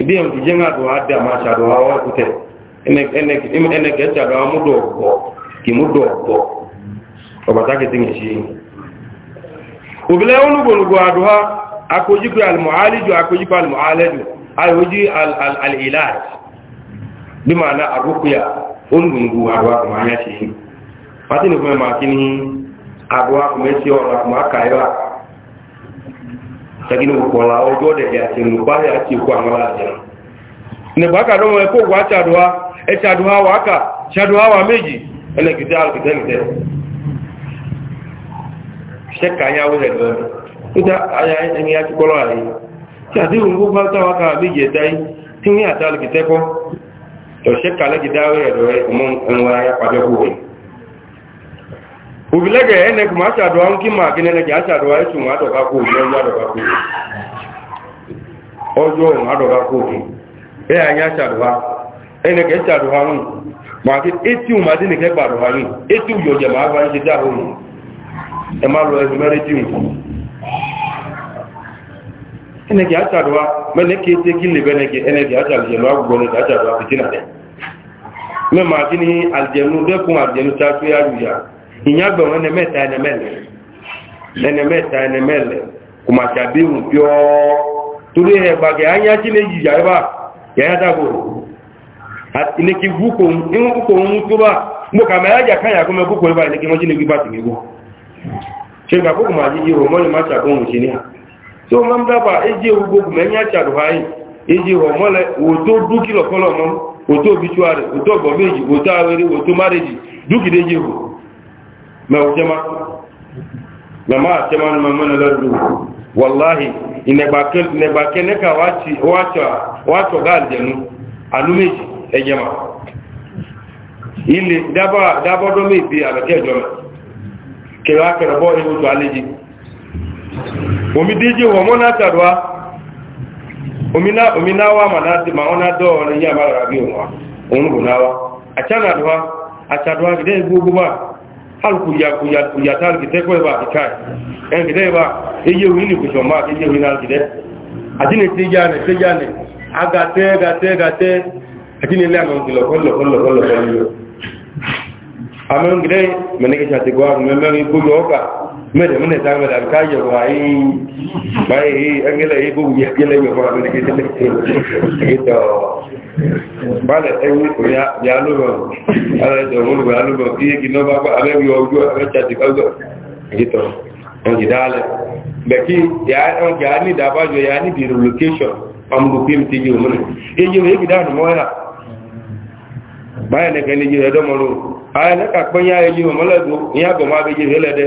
[SPEAKER 1] ìdí ẹ̀mù ti jẹ́ ń àdò àdì àmà àṣàdò àwọn ẹkùtẹ̀ ẹnẹ́kẹ̀ ẹ̀ṣàdò àwọn múdò ọ̀gbọ̀ kì múdò ọ̀gbọ̀ ọ̀bàtàkì ti yẹ̀ ṣe òbílẹ̀ olúgbòlùgbò àdò ha akójíkò alìmọ̀álẹ́jù akójíkò bí màá ṣe àdúrà kò mẹ́sí ọ̀rọ̀ àmọ́ àkàyọ́ tẹ́gínú kọ̀ọ̀lá ọjọ́ dẹ̀dẹ̀ àti ìrùpáyà àti ìkú àwọn aláàjẹ́ nìbákà lọ́wọ́ ẹkọ́ wà ṣàdùá ẹṣàdùá wà ákà ṣàdùá wà méjì ẹlẹ́gìdẹ́ alùgìdẹ́gìdẹ́ ṣẹ́kà òbílẹ́gẹ̀ ẹnẹ kò nke ṣàdọ̀wà ń kí a gínẹ́nẹ́ kì á ṣàdọ̀wà ẹ̀ṣùn wọn àdọ̀ká kó òbí ọjọ́ àdọ̀ká kó ọjọ́ òun àdọ̀ká kó òbí ẹ àyà ṣàdọ̀wà ẹnẹ kẹ́ ṣàdọ̀wà hùn máa kí etí òun àti nìkẹ́ gbàdọ̀wà yìí etí òun yọ̀jẹ̀ máa bá ń ṣe ìyàgbẹ̀ wọn ẹnẹ mẹ́ta ẹnẹ mẹ́lẹ̀ ẹnẹ mẹ́ta ẹnẹ mẹ́lẹ̀ kò mà ṣàbí òun píọ́ torí ẹ̀ gbàgẹ̀ ayájí lè yìí yàrá yàrá dàbò ìlẹ́kì gúkò ń gúkò ń tó bá mo kà mẹ́ ajá káyà kó mẹ́ gúkò ń bá ìlẹ́kì wọ́n jí lè gbígbà tì gbígbó ṣe gbà kókò mà jíjí mọ́lẹ̀ má ṣàkóhùn sí ní à tí ó máa ń dábà éjì ewu gbogbo mẹ́yìn àṣàrò ayé éjì rọ̀ mọ́lẹ̀ òtó dúkìlọ̀ kọ́lọ̀ mọ́ òtó obituary òtó ọgbọ̀n méjì òtó awere òtó márèjì dúkìdéjì rò mẹ́wùjẹ́má mẹ́má àjẹ́má ní mẹ́mọ́ ní lọ́dún wàláhì ìnẹ̀gbàkẹ́ nẹ́ka wáṣọ̀ gáàjẹ̀nú alúmẹ́jì ẹjẹ́má ilé dábọ́dọ́ méjì àbẹ̀kẹ́ ìjọba kẹrẹ akẹrẹbọ́ ìlútu alẹ́jì omi déjì wọ́n mọ́ náà tàdúwá omi náà wà mà náà ti ma wọ́n náà dọ́ ọ̀rẹ́ yí àbára bí òun wa òun bò náà wá àtàdúwá àtàdúwá gẹ́gẹ́ gbogbo báà alùkùyàtà alùkìtẹ́kọ́ ẹ̀bà àkíkà ẹ̀kìtẹ́ ẹ̀bà eyéwì ní kùsọ̀ máa kí eyéwì náà alùkìtẹ́ àdínà tíjáàni tíjáàni agatẹ́ agatẹ́ agatẹ́ àdínà ilé àmọ́ ìlọ̀kọ́lọ̀kọ́lọ̀kọ́lọ̀kọ́lọ̀ mẹ́rẹ̀ mẹ́rẹ̀ dáwọn mẹ́rẹ̀ àríká ayi ayé báyìí ẹgbẹ́lẹ̀ yìí bó wùyẹ́ gẹ́lẹ̀ yẹ̀wò abẹ́lẹ̀ gẹ́gẹ́lẹ̀ gẹ́gẹ́tọ̀ bálẹ̀ ẹ̀yìn ìyá lóbọ̀ alẹ́dọ̀ olùgbà lóbọ̀ kí yégi náà bá gbà abẹ́wì ọjọ́ abẹ́jáde gbàgbọ́ gẹ́gẹ́tọ̀ ọjì dálẹ̀ bẹ̀kí ọjà ya ní ìdìrò location ọmọlùpín ti yé òmìnir èyí rẹ̀ ìgbìdá àdùnmọ́ ẹ̀rà báyẹ̀ nẹ́kẹ́ ní yé ya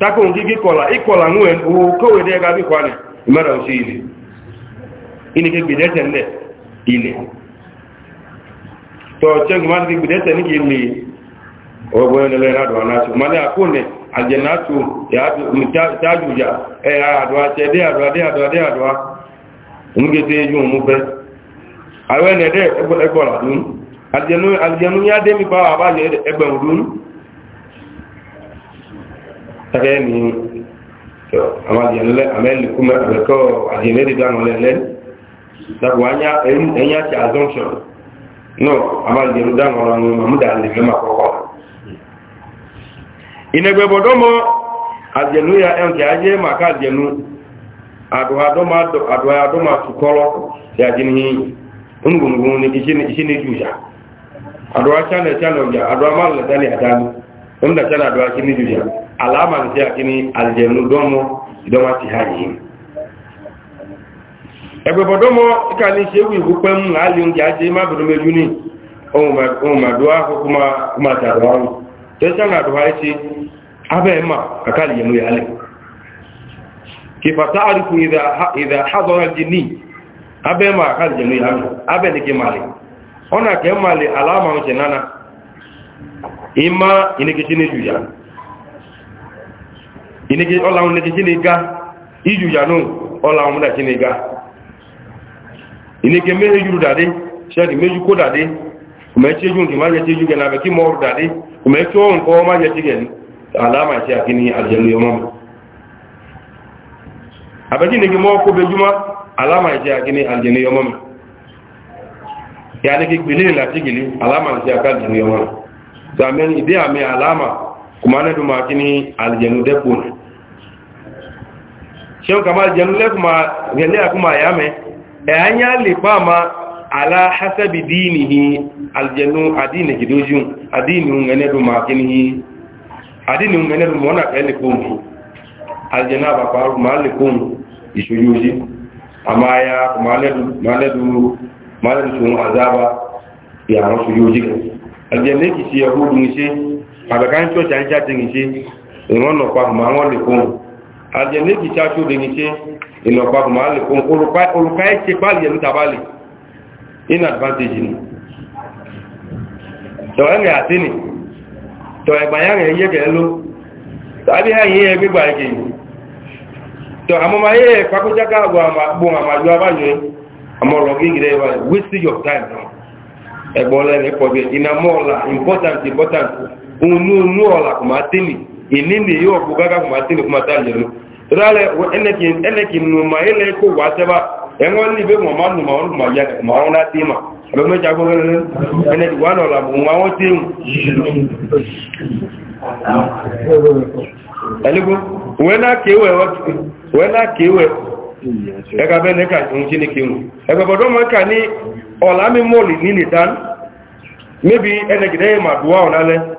[SPEAKER 1] tako ngigi kola ikola ngwe o kowe de gabi kwane imara usili ini ke bidete ne ile to cheng man bi bidete ni ile o bo ne le na do na su male akone ajenatu ya tajuja e ya do a che de do de do de do ngi te ju mu be awe ne de e, e kola dun aljanu aljanu ya de mi pa aba je egbe dun sake ni àwọn àjẹnulẹ amẹlikumẹ abẹkọ àjẹnulẹ dànù lẹlẹ dàgbọ anya ẹnyà ti azọnṣọ nọ àwọn àjẹnulẹ dànù ọlọrun mamuda lẹfẹ ma kọkọ. ìnẹgbẹbọdọmọ àjẹnu ya ẹnkẹ ajẹ màkà ya àdùhàdọmọ àdùhàdọmọ àtùkọlọ ti àjẹnìyẹ onugbongbon ni ma ni ya àdùhà sànẹ sànẹ ọjà ni alama ń tẹ́ àkíní àjẹ̀nú ala ìdọ́mà ti ha yìí ẹgbẹ̀bọ̀dọ́mọ́ ìkà ní ṣe wù ìgbó pẹ́ mú láàrín oúnjẹ ajé má bẹ̀rẹ̀ méjú ní ohun màdúwá kúmà tàdúwá rùn tó sàn àdúwá ẹ́ abẹ́ ẹ̀mà kàkàlì yẹ̀mú yálẹ̀ kì fàtà àríkù ìdà àhàzọ́rọ̀ abe ní abẹ́ alama ineke ọlàwọn neke kí ni ga iju yanu ọlàwọn múdà kí ni ga ineke mehe yuru dade ṣẹ́ni meju kó dade kùmẹ́tí ejú nkì máa yẹtí ejú gẹ̀ nàbẹ̀ kí mọ́ọ̀rù dade kùmẹ́tí ó nkọ́ máa yẹtí gẹ̀ àlámà ṣe àkíní àjẹlú ọmọ mi àbẹ́kí neke mọ́ kó bẹjúmọ́ àlámà ṣe àkíní àjẹlú ọmọ mi yàní kí gbèlè láti gbèlè àlámà ṣe àkíní ọmọ mi sàmẹ́ni ìdí shehu kamal janule kuma janule kuma ya me e anya le pa ma ala hasabi dinihi aljannu adini gidojun adini ngene do ma kinihi adini ngene do mona ka le kun aljanna ba pa ru ma le kun isoyoji amaya kuma le du ma le du ma le du azaba ya àjẹ̀lé kìí ṣáṣó lè ní ṣe ìlọ̀pàpù máa lè kún olùkà ẹ̀ṣẹ́ pàlì ẹ̀lú tàbálì in advantage ni tọ̀ ẹ̀rẹ̀ àti nì tọ̀ ẹ̀gbàyà rẹ̀ yẹ́ gẹ̀ẹ́ ló tàbí ẹ̀yìn ẹ̀ gbígbà ẹ̀gẹ̀ yìí tọ̀ àmọ́máyé ẹ̀ pàkójáká gbọ́n àmàjọ abáyọ̀ àmọ́rọ̀ gígìrẹ́ waste your time ẹ̀gbọ́n lẹ́nu ẹ̀pọ̀ bẹ̀ ìnàmọ́ ọ̀la important important òun ní òun ọ̀la kò máa tẹ́lẹ̀ inini yóò bu gaga kuma ti ni kuma ta lero rale wo eneki eneki nu ma ele ko wa seba engo ni be mo ma nu ma onu ya ma onu na ti ma be me jago le eneki wa no la bu ma won ti mu eligo we na wena kewe we na ke we e ka be ne ka tun ti ni ki mu e ko bodo mo ka ni ola mi mo li ni ni dan maybe eneki de ma duwa ona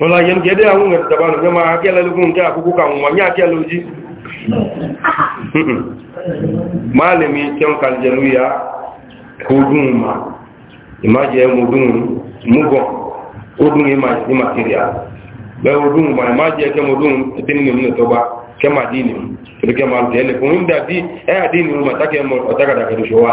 [SPEAKER 1] lọ́la yẹn gẹ́dẹ́ àwọn ohun ẹ̀tẹ̀bà nù mẹ́ma akẹ́lẹ́lógún kẹ́ àkókò kàwọn wọ́n ní akẹ́lógún máa lè mi kẹun kàlìjẹ̀lú ya kódún ma ìmájẹ́ mọ́dún múgọ̀ kódún ìmá kiri a bẹ́ẹ̀ ma ìmájẹ́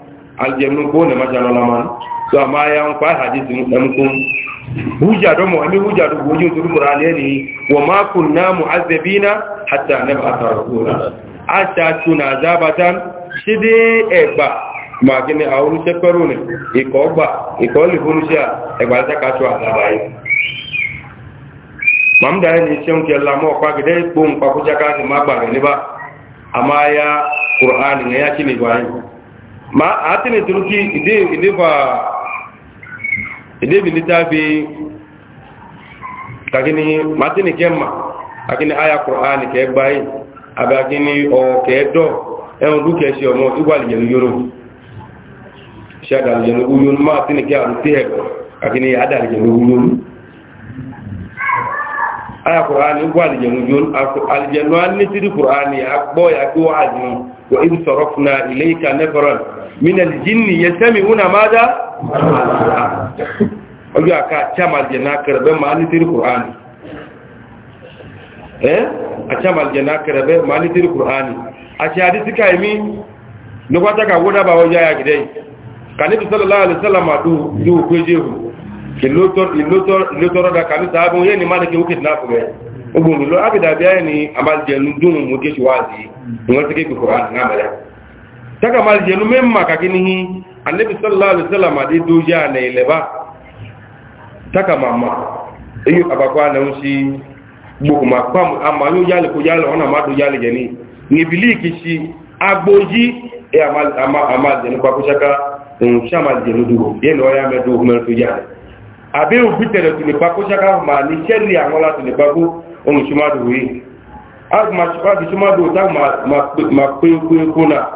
[SPEAKER 1] aljẹnu kó nà máa jẹun lọ́mọ ní tó a máa yá ń pa àdìsí ẹnukún hújà dọ́mọ ẹni hújà dọ́mọ ojú tó rúkọrọ alẹ́ ni wọ́n máa kùn náà mú azẹ̀bínà àti ànẹ́bà àtàrà kúrò àti àtúnà àzábátá ṣe dé ẹgbà máa kí ni àwọn oníṣẹ́ pẹ́rù ní ikọ̀ ọgbà ikọ̀ lè fúnúṣẹ́ ẹgbà látàkàtọ̀ àzábá yìí mamda ni seun ke lamo kwa gide ko mpa kuja ka ma ba ne ba amaya qur'an ne ya kini gwaye ma a ti ne turuki ide ide fa ide bi litafi kakini ma ti ne kema akini aya qur'ani ke gbayi abi akini o ke do ehun du ke se omo igwali yelu yoro shagal yelu uyun ma ti ne ke aru ti he akini adal yelu uyun aya qur'ani ko aljanu jun aljanu an ni tiri qur'ani akbo ya ko ajun wa in sarafna ilayka nafaran min aljinn yastami'una madha ah. ojo aka chama aljana karbe ma ni tiri qur'ani eh a chama aljana karbe ma ni tiri qur'ani a ci hadisi kai mi no kwata ka woda ba wajaya gidai kanibi sallallahu alaihi wasallam du du ko ìlótọ́rọ́ da kàmí sáábù yẹ́ ni máa ní kí ó kìtìlá fún ẹ ogun ìlú ábìdàbí ayé ni àmàlìjẹ̀nu dùn mú kí ṣe wá sí ìwọ́n tí kéèkì kòrò àti náà taka àmàlìjẹ̀nu mẹ́mà kàkí ní hí anábì sallallahu alaihi wasallam àdé dójá àná ilẹ̀ bá taka màmá eyín àbàkọ́ àná ń ṣe gbogbo mà pàm àmà yóò yálè kó yálè ọ̀nà má dó yálè jẹ̀ni níbílì kì í ṣe agbójí abe obitere tulipa chaka ma ni cheri angola tulipako onchumadu wi agma chukwa chumadu ta ma ma ma na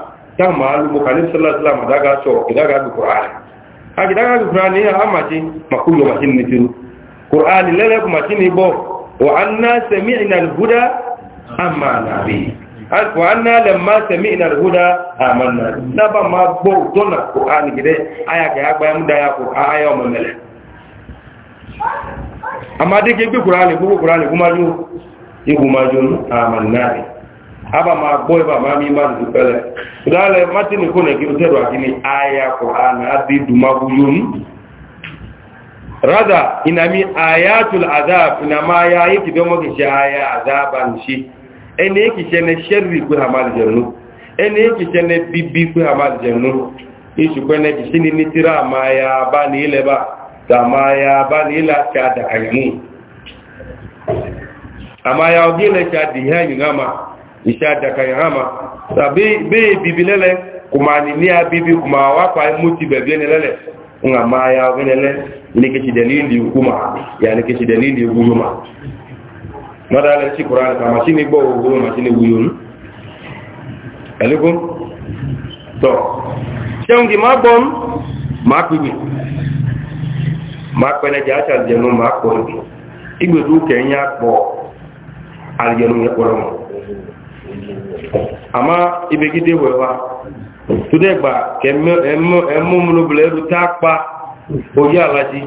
[SPEAKER 1] ta ma alu mo kalim sallallahu daga so daga daga bi qur'an ya amaji makuyo machin ni tun qur'an lele ko machin ni bo wa anna sami'na naba ma aya ya gba mu ya qur'an aya amadi ke gbe kurani gbogbo kurani gumajo igumajo amanari aba ma gbo eba ma mi ma du pele dale martin ko ne ki tedo akini aya qur'an adi duma buyun rada inami ayatul azab ma ya yiki be mo ki aya azaban shi ene yiki chene sherri ku hamal jannu ene yiki chene bibi ku hamal jannu isu ko ne ki sini nitira ma ya ba ni ile ba kama ya bani ila cha da aimu ama ya ogile cha dihanyu ngama isha da kayama sabi be bibilele kumani ni abibi kuma wapa muti bebene lele ngama ya ogile ni kichi dalili hukuma yani kichi dalili hukuma madala chi chini bo hukuma chini buyun alikum to shangi mabom makumi ma kpene ji acha aljanu ma akpọ igwe dị ụka enye akpọ aljanu ya kpọrọ m ama ibegide wewa tude gba ka emụmụrụ bụla erute akpa oyi ala alaji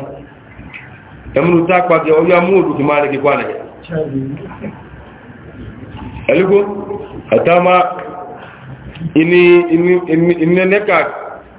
[SPEAKER 1] emụrute akpa gị oyi amụodu gị mara gị gwana ya elugo atama ini ini ka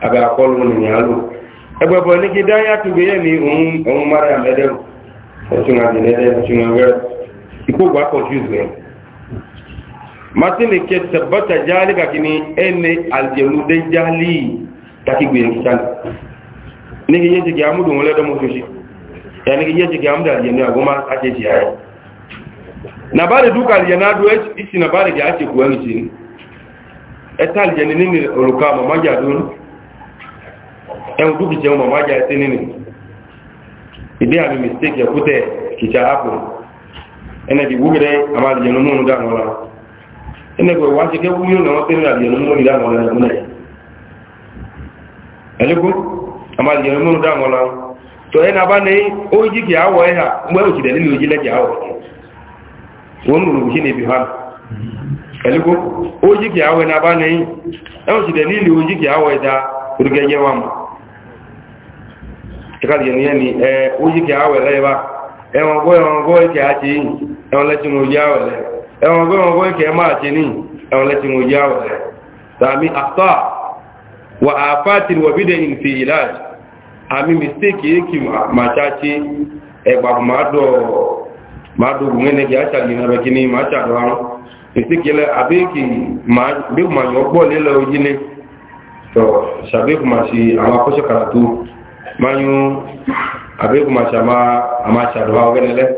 [SPEAKER 1] aga akọlu ni ya lu egbe bo ni kidan ya tu ye ni un un mara ya mede o tun adi ne de tun nge iko gba confuse ni matini ke tabata jalika kini ene aljemu de jali taki gbe ni tan ni ki yeje ki amudu wole do mo soshi ya ni ki yeje ki amudu aljemu agoma ake ti ayi na bare duka aljana do e, isi na bare ki ake kuwa ni e tin etal jeni ni oluka ma maja dunu ẹ̀hùn dúkì jẹun màmá jà ẹsẹ̀ nínú ìdí àmì mistake ẹ̀kútẹ̀ kìtà ápù ẹnẹ́dì wúrẹ́ àmà dànù ọ̀la ẹnẹ́gbẹ̀ wá ṣe kẹ́wú yóò náà sẹ́nu àlìyànú dànù ọ̀la ẹ̀kúnẹ̀ ẹ̀lẹ́gbọ́ àmà dànù ọ̀la tọ́ ẹ̀nà bá ní ó kì áwọ̀ ẹ̀ hà ẹ̀ òṣìlẹ̀ nílùú jí lẹ́jì áwọ̀ wọ́n mú lùkù kì áwọ̀ ẹ̀dá wà mọ́ ìkàlẹ̀ yẹn ni ẹ ó yí kí àwẹ̀lẹ́ bá ẹwọn gbọ́ ẹwọn gbọ́ ìkẹ́ àti ẹwọn lẹ́tí mo yá ọ̀lẹ́ ẹwọn gbọ́ ẹwọn gbọ́ ìkẹ́ máa ti ní ẹwọn lẹ́tí mo yá ọ̀lẹ́ sàmì àtọ́ wà àfáàtì wọ̀bídẹ̀ ìfì ìlàj àmì mistake èkì máa ṣáṣe ẹgbà máa dọ̀gùn ẹnẹ́ kí á ṣàlẹ̀ ìrìnàbẹ̀ kí ni máa ṣàdọ̀ àrùn mistake lẹ àbẹ́ẹ̀kì bí kò máa yọ gbọ́ lélẹ̀ ojílé ṣàbẹ́ẹ̀kù máa ṣe àwọn akọ́ṣẹ́ kàràtó manyu abe kuma chama ama le, chadwa ogenele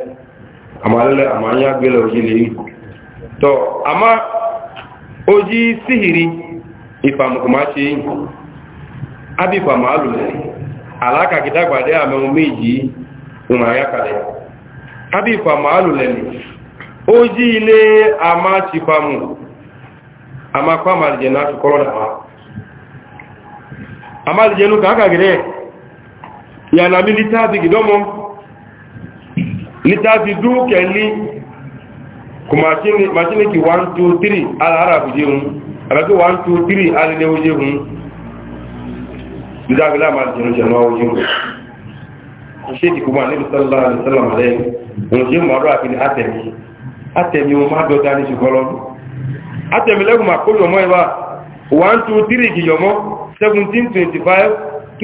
[SPEAKER 1] amalele amanya gbele ojili to ama oji sihiri ifamu kuma chi abi pa le, alaka kitagbade ame meji una yakale abi pa maalule ni oji ile ama chifamu ama kwa maljena tukorona ama alijenu kaka gire yanami litafi kidomo litafi du keli kumashini mashini ki 1 2 3 ala arabu jehun arabu 1 2 3 ala lewo jehun bidaga la mal jehun jehun wa jehun sheki kuma nabi sallallahu alaihi wasallam alayhi on legu ma ko yomo e ba 1 2 3 ki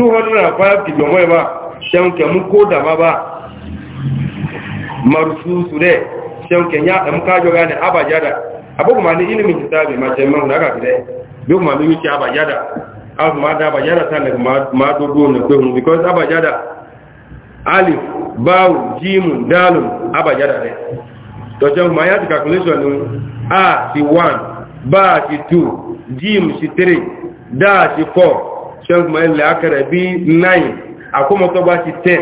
[SPEAKER 1] 205 kìjọmọ́ ẹ̀bá ṣẹun kẹmú kódà má bá marususu rẹ̀ ṣẹun kẹnyà ẹmú kájọra ní abàjádà abúkùnmá ní ilimi ìtàbí ma ṣẹmọ́ lágàkìrẹ́ bí ó kùnmá ní wíṣẹ́ abàjádà ní pé because abàjádà alif báwù jíìmù dálùn abàjádà rẹ̀ tọ́jọ́ ma yá ti calculation a ti 1 bá ti 2 jíìmù sí 3 dá ti 4 sheikh mail akarabi 9 akomoto ba ci 10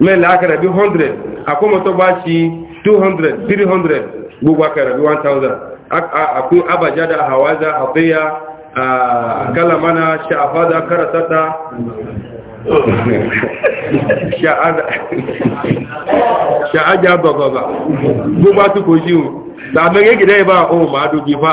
[SPEAKER 1] mail akarabi 100 akomoto ba ci 200 300 gbogbo akarabi 1000 akwai abajada hawaza afiya kalamana sha'afada karatata <laughs> <laughs> sha'aja bababa gbogbo atukọ̀ sí o ta mẹ́rin gidẹ́ ibá ohun ma dóbi fa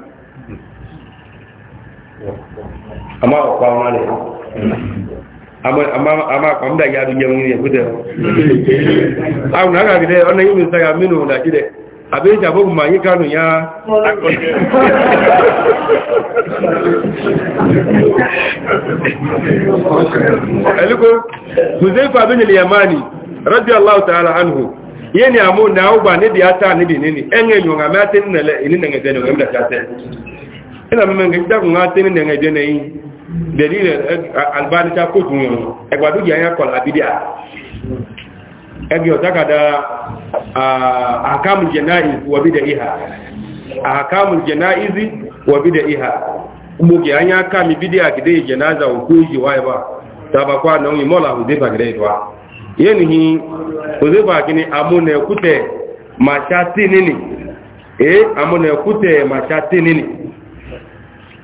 [SPEAKER 1] ama ọ̀pá ọmọ rẹ̀ ama àpamdà ya adúgbò a yẹn kúta àwọn àgàgìdẹ ọ̀nà yìí mìíràn sáyà mínú ọ̀nà jídẹ àbí ìjàbọ̀kùn máa yí kánù yá akọ̀jẹ́ ẹ̀lúkọ́ hùzẹ́fà abínilẹ̀ yamani rọ́dí aláwọ̀ tààrà anhu yẹ́ ni àmú náà ó gbà níbi átà níbi níní ẹ̀ngẹ̀ yọ̀ngàmẹ́ ina mẹ́mẹ́ nǹkan jákù ńlá tẹ́ nínú ẹ̀rẹ́ ìdẹ́nà yìí dẹ̀lí rẹ̀ albanica kóòtù wọn ẹgbàdójì ayé kọ̀lá bídíà ẹbí ọ̀tákàdá àkàmù jẹ̀náì wọ̀bídẹ̀ ìhà àkàmù jẹ̀náìzì wọ̀bídẹ̀ ìhà gbogbo ayé kàmì bídíà gidé jẹ̀náza òkú ìjì wáyébà tabakwa náà yìí mọ́lá òzéfà gidé ìtọ́wà yẹ́nì yìí òzéfà gini amúnẹ̀kútẹ̀ màṣá tí nínì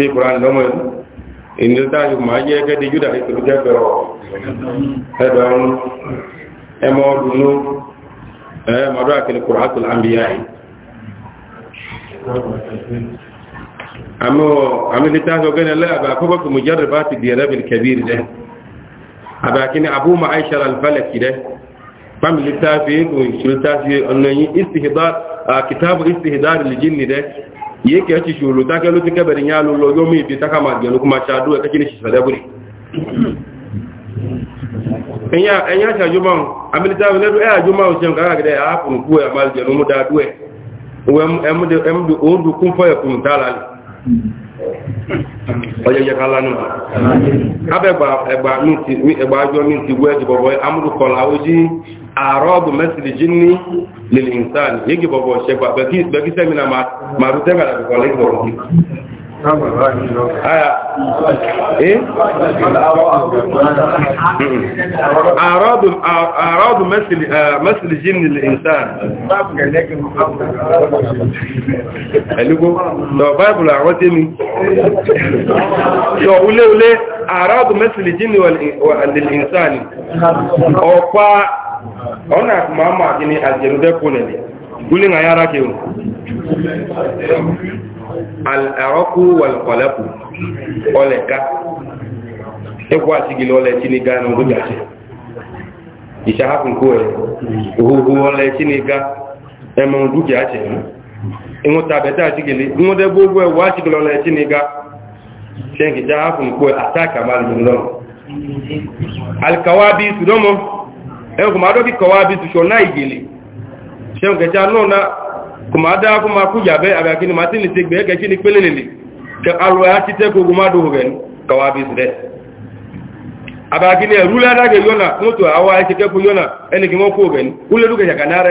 [SPEAKER 1] في القرآن لما إن تاج ما جاء كدي جودا في كل جبر هذا أم أبونا ما رأى كل قرآن الأنبياء أم أم إن تاج وكان لا بأكو بس مجرد بات ديالا بالكبير ده أباكين أبو ما عيش على الفلك ده فم لتافي وشلتافي أنني استهدار كتاب استهدار الجن ده yi ke ci shulu ta ke lu ti kabari nya lo yo mi ta kama gelu kuma cha du e ka kini ci sada buri enya enya e juma o chen ka ga a kun ya e mal gelu mu da du wem e. em de em du o du kun àrọ́bù mẹ́sìlì jí ní lèlè ìsáàlì yígi bọ̀bọ̀ ṣẹgbà bẹ̀kí sẹ́mìnà màrú tẹ́gbàdà bẹ̀kọ̀ lẹ́gbọ̀rọ̀ ní àrọ́bù mẹ́sìlì jí ní lèlè ìsáàlì ẹ̀lúgbó lọ báìbùlù àrọ́ tí mi lọ ulé ulé àrọ́bù mẹ́sìlì jí ní lèlè ìsáàlì ọ̀pá ọ̀nà àkùmọ̀ àmọ́ àti ní àjẹ̀lúdẹ́ kúlẹ̀ ní kúlẹ̀ ń ayára kí o àrọ́kú wàlùkọ̀lẹ́kù ọlẹ̀ká ẹkọ́ àtìgìlẹ̀ ọlẹ̀ tí ní gánà ọdún jàṣẹ́ ìṣàhápùnkú ẹ̀ òhòhò ọlẹ̀ tí ní gá ẹmọ dúkìá jẹ̀ ìwọ̀n tàbẹ̀tà àtìgìlẹ̀ ìwọ̀n dẹ́ gbogbo ẹwà àtìgìlẹ̀ ọlẹ̀ tí ní gá ṣẹ́ǹkì ìṣàhápùnkú ẹ̀ àtàkà e kuma do bi kawa bi su shona igele sheun ke ja no na kuma da kuma ku yabe abi akini matini ti gbe ke kini pelelele ke alo ya ti te ko kuma do hoben kawa bi su de abi akini e rula da ke yona moto awa e ke ku yona eni ki mo ko hoben ule du ke ja kanara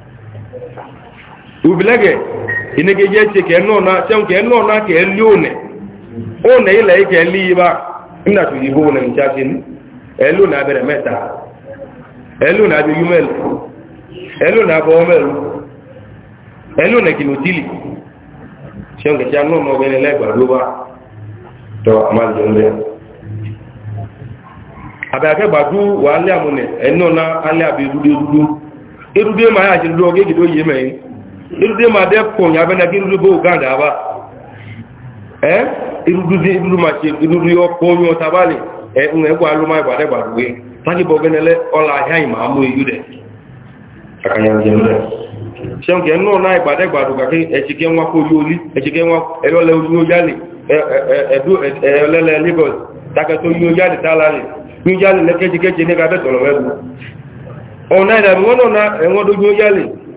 [SPEAKER 1] ubilege inege jeche ke nona chem ke nona ke lune one ile ke liba ina tu yibo ne mchachin elu na bere meta elu na bi yumel elu na bo mel elu na kinutili chem ke chan no bele le ba to amal jonde abake gbadu wa aliamune amune na alia abi dudu dudu irudu ma ya jin do ge gido ma de kun ya bena bo ba eh irudu irudu ma che irudu yo tabali e nwe gwa lu ma gwa de tani bo genele ola ma yude akanya ke no na igba de gwa ke e chike nwa ko yoli e chike nwa e le e e e le le daga yo yo le ke chike be tolo ona na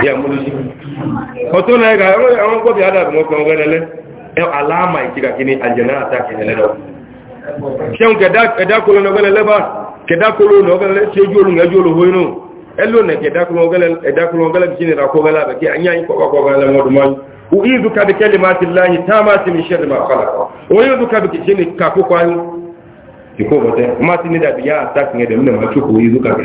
[SPEAKER 1] ya mulusi ọ̀tọ́ náà ẹgbà ẹ̀rọ àwọn gbọ́bí adàbí wọn kan gẹ́nẹ́lẹ́ aláàmà ìtìkà kí ni àjẹ̀nà àtàkì ẹ̀lẹ́lẹ́ ṣeun kẹdákolo nọgẹ́lẹ́lẹ́ bá kẹdákolo nọgẹ́lẹ́ tí ojú olùn ẹjú olùhó inú ẹlò nẹ kẹdákolo nọgẹ́lẹ́ bí kíni rakọ́ gẹ́lẹ́ àbẹ̀kí àyíyàn kọ́kọ́ gẹ́lẹ́ mọ́dúnmọ́ni uizuka bi kalimati llahi tamati min sharri ma khalaq uizuka bi kishini kakukwayo ikobote mati ni dabiya attack ngede mne machuko uizuka bi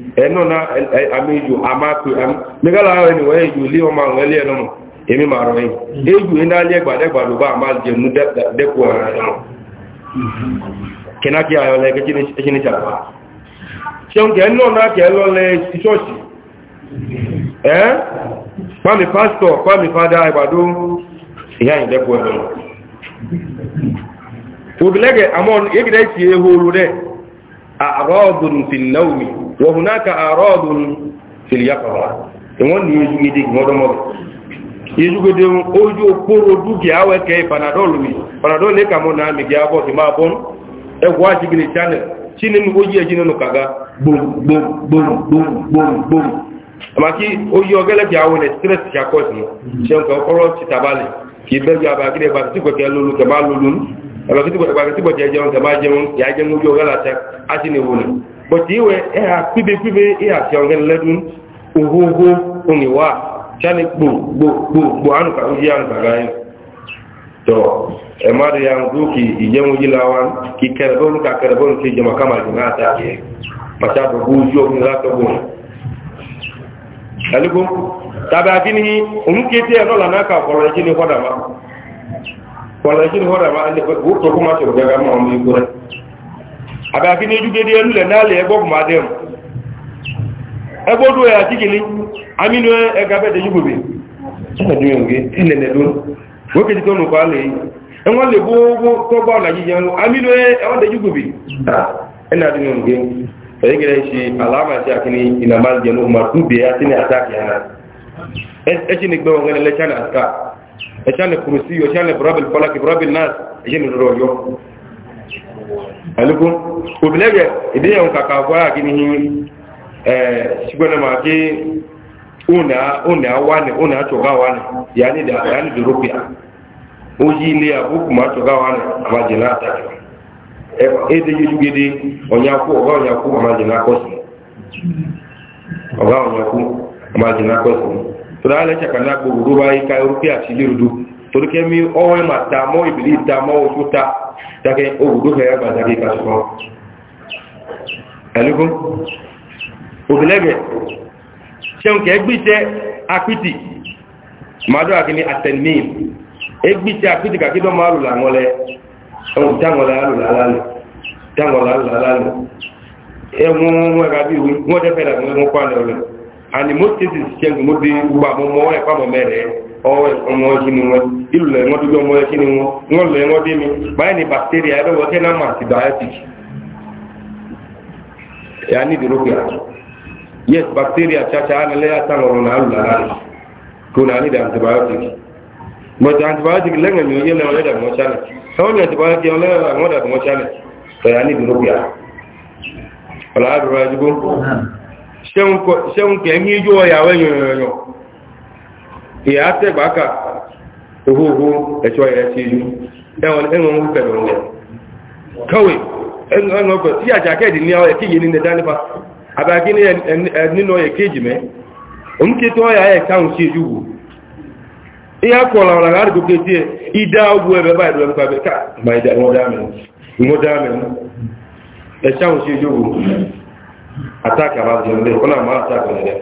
[SPEAKER 1] ẹnu na àmì ìjù àmàpè àmì nígbàlá àwọn ènìyàn ìjù lé ọmọ àwọn ẹlẹ́ ẹnu èmi máa rọ yìí ìjù iná lé ẹgbàdẹ́gbà ló bá àmà jẹnu dẹ́kù ara ẹnu kìnnákì ayọ̀ lẹ́gẹ́ kí ní ṣàlùwà ṣeun kẹ́ náà náà kẹ́ lọ lẹ ṣíṣọ́ọ̀ṣì ẹ́ pàmì pásítọ̀ pàmì fádá ìbàdó ìyá ehoro وهناك أعراض في اليقظة wọ́n ní ojú gidi ìgbọ́dọ́mọ́ ojú gidi ojú okóró dúkìá wẹ́kẹ́ panadol mi panadol ní kàmọ́ náà mi gíá bọ́ sí máa bọ́n ẹgbọ́ àjígbìnì channel tí nínú ojú ẹjí nínú kàga gbòmgbòmgbòmgbòmgbòm àmàkí ojú ọgẹ́lẹ́kì àwọn ẹ̀ stress ṣàkọ́sì ṣe nǹkan ọkọ́rọ́ ti tàbálẹ̀ kì í bẹ́ẹ̀ àbàgídẹ̀ bàtíkọ̀kẹ́ lólu kẹ̀má lólu àbàgídẹ̀kọ̀kẹ́ jẹun kẹ̀má jẹun ìyá jẹun ojú ọgẹ́lẹ́kì but iwe eha kwibe kwibe iha kiongen ledun uhuhu uniwa chani gbo gbo gbo gbo anu ka uji anu ka gayi to e eh, mari ya ngu ki ijemu jilawan ki kerebon ka kerebon ki jama kama jinga ta ye macha do buju ni la to bu alikum taba kini umke te no la naka ko la jini hoda ma ko la jini hoda ma ni ko to kuma to ga ma on ni ko àbẹ̀kí ní ojúgédé ẹlúlẹ̀ náàlẹ̀ ẹgbọ́gùn adẹ́m ẹgbọ́dọ̀ ẹ̀ àti kìíní amínú ẹgbà bẹ́ẹ̀ jùgbòbè ẹgbẹ̀dẹ̀gbẹ̀ ẹlẹ̀lẹ̀lú wókèjì tó nùkọ́ alẹ́ ẹwọ́n lè gbogbo tó bá ọ̀nà jíjẹ ẹnu amínú ẹwọ́n dẹ̀ jùgbòbè ẹnàdínlẹ̀gbẹ̀ ẹgbẹ̀rẹ̀ ṣe àlàmà sí àkíní ìnàmà jẹnu ọmọ ẹ̀lúkú òbílẹ́gẹ̀ ìdíyẹ̀wò kàkà fọ́yà kí ní ṣígbọ́nà máa kí òní àwà ní òní àtọ̀gá wà ní yàní dòrópìà ó yí ilé àbúkù máa tọ̀gá wà ní àmàjìlá àtàkì édè yíjúgédé ọ̀nyàkú ọ̀gá ọ̀nyàkú àmàjìlá kọ́sì ọ̀gá ọ̀nyàkú àmàjìlá kọ́sì tó dáa lẹ́sẹ̀ kan náà gbogbo bá ká irúkẹ́ àti ilé torí kẹ́mi ẹ̀ máa ta mọ́ take ogudo fẹ́ gbà tàbí kàṣùkọ́ ẹ̀lúkún òbílẹ́gbẹ̀ ṣeun kẹ́ gbíṣẹ́ apiti màdó àtẹ̀mí egbíṣẹ́ apiti kàkídọ́ máa lùlà ńọlẹ̀ ọ̀hún táwọlá lùlà lálẹ́ táwọlá lùlà ọwọ́ ọmọ ẹkí ni wọn ìlú lẹ́wọ́n dúdú ọmọ ẹkí ni wọn wọn lẹ́wọ́n dé mi báyìí ní bacteria ẹgbẹ́ wọ́n kẹ́nà mà antibiotic ẹ̀yà ní ìdúrókè àti yes bacteria chacha alẹ́lẹ́ àtàlọ́rọ̀ náà lù lára rẹ̀ náà na antibiotic but antibiotic lẹ́yìn mi lẹ́wọ́n lẹ́dàbí ní antibiotic ọlẹ́wọ́n dàbí wọn challenge ẹ̀yà ní ìdúrókè àti ọ̀là àdúrà ẹ̀dúgbò ṣé ń kẹ́ ń yíjú ọ̀yà wẹ́yìn ìyá a ká owó owó ẹ̀ṣọ́ ẹ̀rẹ́ ti yú ẹ̀wọ̀n ẹ̀wọ̀n ń fẹ̀rẹ̀ ọ̀rẹ́ kọ́wé ẹ̀wọ̀n ọ̀pẹ̀ tí àjàkẹ́ẹ̀dì ní ọ ẹ̀kí yìí ní dánípa àbákí ní ẹ̀nínú ẹ̀kéjì mẹ́ òmùkétò ọ̀yà ẹ̀ káhùn wù ìyá ìdá báyìí nípa ká máa ìdá dá dá wù àtàkì àtàkì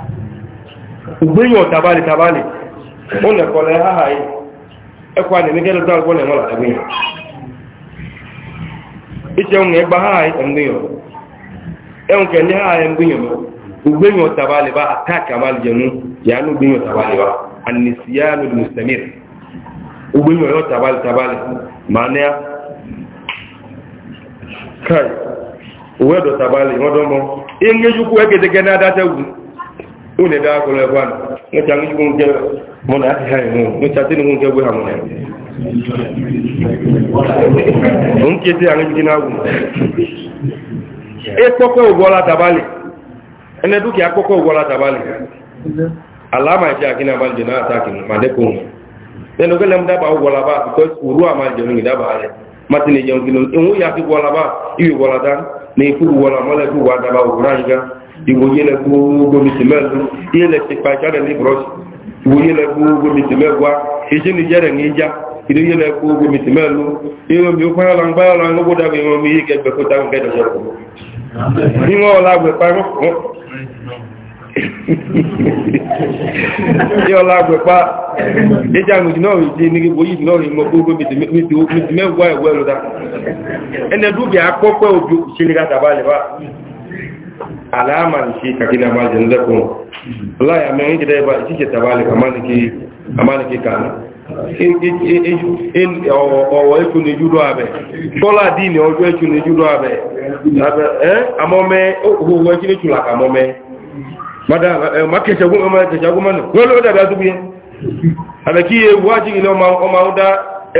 [SPEAKER 1] ugbéyàn tabali tabali ó nẹ̀kọ́lẹ̀ àhà na ẹkọ́ àdìmíkẹ́lẹ̀ tó àgbọ́lẹ̀ mọ́lá ẹgbẹ̀yàn iṣẹ́ òun ya tabali bá àtàkì ya jẹnu yàánú ugbéyàn tabali yọ tabali tabali màá ní káì òwúrẹ́dọ̀ tabali wọ́n dọ́mọ́ ìyẹn ń gẹ́jú kú ẹgẹ́dẹ́gẹ́ une da ko le kwan ne ta ngi ngi mo na ti hay mo ne ta tin ihe bu ha mo ne ke ti angi na e koko o gola tabali ene du ki akoko o gola tabali alama ti akina ta ma de ko ne no gele mda ba o uru ama je n'i da ba ale matini je ngi no en ya gola ba gola dan ne fu gola ma le ìwòye lẹ gbogbo mìtìmẹ́lú iye lẹ ti pa ìjáde ní brọ́ṣì ìwòye lẹ gbogbo mìtìmẹ́wà ìṣe ni jẹ́rẹ̀ ní ìjà ìdíyẹ lẹ gbogbo mìtìmẹ́lú iye mi ó fẹ́ràn láńgbáyà lọ gbogbo dàbí wọn mi yí kẹgbẹ́ kó dáhùn kẹ́dọ̀ yẹ ní wọn làgbẹ̀ parọ́ ní ọlá àgbẹ̀pá ìjà àmì ìdínà ìdí ní gbogbo yìí náà ìmọ̀ gbogbo mìtìmẹ́wà ẹ̀wọ́ ẹ̀lọ́dá ẹnẹ́dúbì akọ́pẹ́ òjò ìṣẹ́lẹ̀ alaman shi ka gina ma zakon Allah ya mai yanki dai ba shi ke tabali amaniki amaniki kana in ọwọ in e ni judo abe tola di ni ojo eku ni judo abe abe eh amome e eh, da e, o ma o ma uda e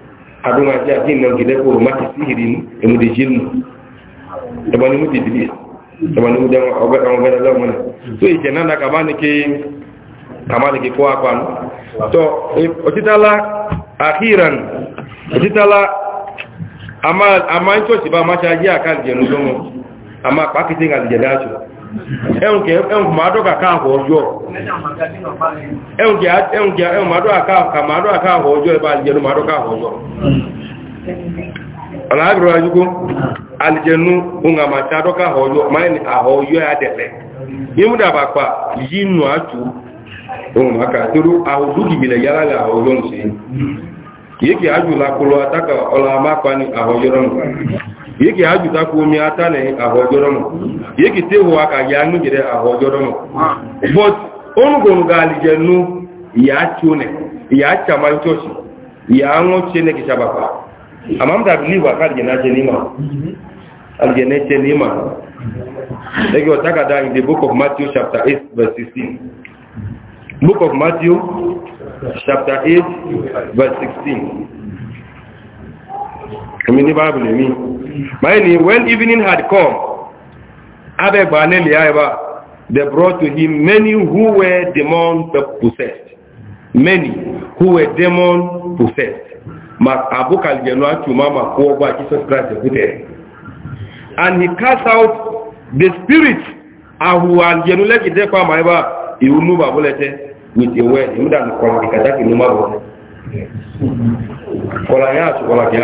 [SPEAKER 1] aduma ti ati nan gida ko ma ti sihiri ni e mu de jilmu e ba ni mu de bilis e ba ni mu de o ga o ga la mo so e jena na ka ni ke kama ni ke ko akwa no to e o ti akhiran o ti tala ama ama nto ti ba ma sha ji akan je nu do mo ama pa kiti ngal je da so ẹ̀hùn máa dọ́kà káàkọ̀ ọjọ́
[SPEAKER 3] ẹ̀hùn
[SPEAKER 1] a dọ́kà káàkọ̀ ọjọ́ a alìjẹnu máa dọ́kà ọjọ́ aláàbìrọ̀ ajúgbó alìjẹnu ohun àmàtí adọ́kà ọjọ́ máa ní a ọjọ́ ohun yára ọjọ́ ń se atákà yake haju ta ko mi ata ne a hojoro mo yake te ho aka ya but onu go nga ali jenu ya chune ya chama chochi ya ngo chene kisha baba amam in the book of Matthew chapter 8 verse 16 book of Matthew chapter 8 verse 16 Kami ni Bible ni but when evening had come abeg baneli they brought to him many who were demon possessed many who were demon possessed mas abu khalil ghenu aki umama kowogba israel christ the good and he cast out the spirit ahu and ghenu like e dey palm abeva e remove abu leete with a word remove as kola kajafi numabu kola ya kola fi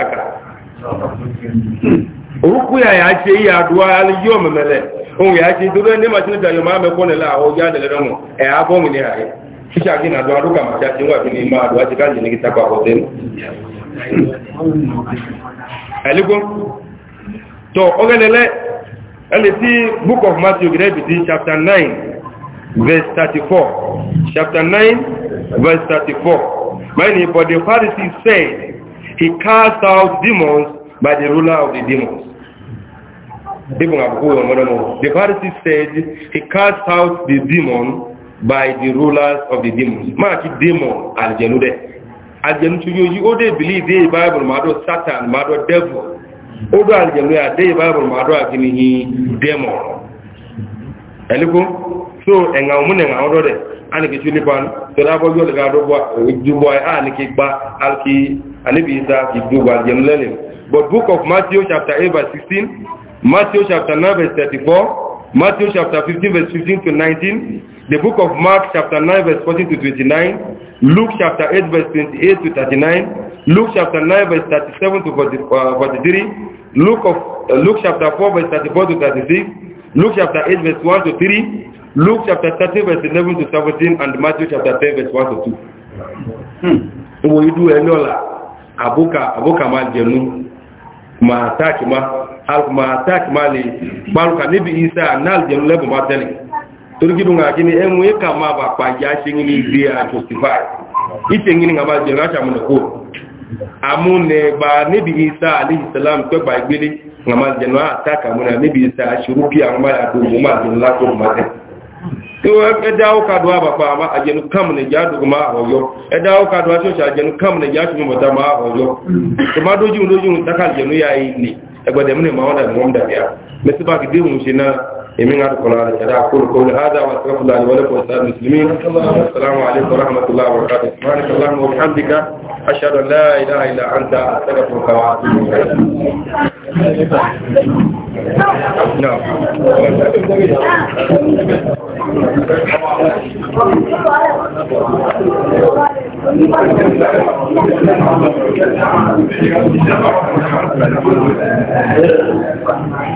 [SPEAKER 1] orúkú ya yà ṣe yà àdúwà yóò mẹ́mẹ́lẹ̀ ohun yà ṣe tó rẹ̀ ní màá ṣílẹ̀ jàlọ máa mẹ́kọ́ nílẹ̀ àwọn ọjọ́ àdẹ̀lẹ̀ rẹ̀ ẹ̀ abọ́mì ní ààrẹ ṣíṣà na nà àdúwà lókà màá ṣe wà ní máa àdúwà ṣe káàkiri ní kíta pàpọ̀ tẹ́lú. ẹ̀lẹ́gbọ́n tọ ọgẹ́lẹ́lẹ́ ele book of matthew chapter verse chapter verse four for the Pharisees said He cast out demons by the ruler of the demons. The Pharisees said he cast out the demon by the rulers of the demons. Mark demon aljenude. Aljenu to you, you believe the Bible, mado Satan, mado devil. Odo aljenu ya, the Bible, mado agini demon. Eliku? so ẹ̀ngà òmúnẹ̀ ẹ̀ngà ọdọ́ rẹ̀ ánìkì tí nípa tọ́lá bọ́jú ọ̀lẹ́gà àdọ́gbà ìjúbọ̀ ánìkì gba alki anibi isa ìjúbọ̀ aljẹm lẹ́lẹ̀ but book of matthew chapter 8 verse 16 matthew chapter 9 verse 34 matthew chapter 15 verse 15 to 19 the book of mark chapter 9 verse 14 to 29 luke chapter 8 verse 28 to 39 luke chapter 9 verse 37 to 43 uh, luke of uh, luke chapter 4 verse 34 to 36 luke chapter 8 verse 1 to 3 Luke chapter 30 verse 11 to 17 and Matthew chapter 10 verse 1 to 2. Wo hmm. idu ẹni ọ̀la, àbúkà àbúkà máa jẹnu, máa táàkì máa lè parùkà níbi isa náà jẹnu lẹ́bùn máa tẹ́lẹ̀. Torí kí dùn àkíní ẹmú ẹka máa bà pàjá ṣe ní ibi àjòsífàì. Ìtẹ̀ ní àmà jẹnu àṣàmùnà kò. Àmúnẹ̀gbà níbi isa alayhi salam pẹ́pà ìgbélé, àmà jẹnu àtàkà múnà níbi isa aṣirúkí àwọn máa yàtọ̀ òun máa jẹnu látọ̀ òun máa tẹ́lẹ̀ ẹdáwó kàdùn àbàpá àmá àjẹnù kàmùnà ìjádùn máa ọ̀yọ́ ẹdáwó kàdùn àṣọ́ṣà àjẹnù kàmùnà ìjádùn mọ̀ta máa ọ̀yọ́ tó má dójú lójú takàlẹ̀jẹ̀nú yà ní ẹgbẹ̀dẹ̀mínà máa wọ́n dàbí wọ́n dàbí يمين على القرآن أقول قول هذا وأستغفر الله لي ولكم وسائر المسلمين السلام عليكم ورحمة الله وبركاته سبحانك اللهم وبحمدك أشهد أن لا إله إلا أنت أستغفرك وأتوب إليك نعم Thank you.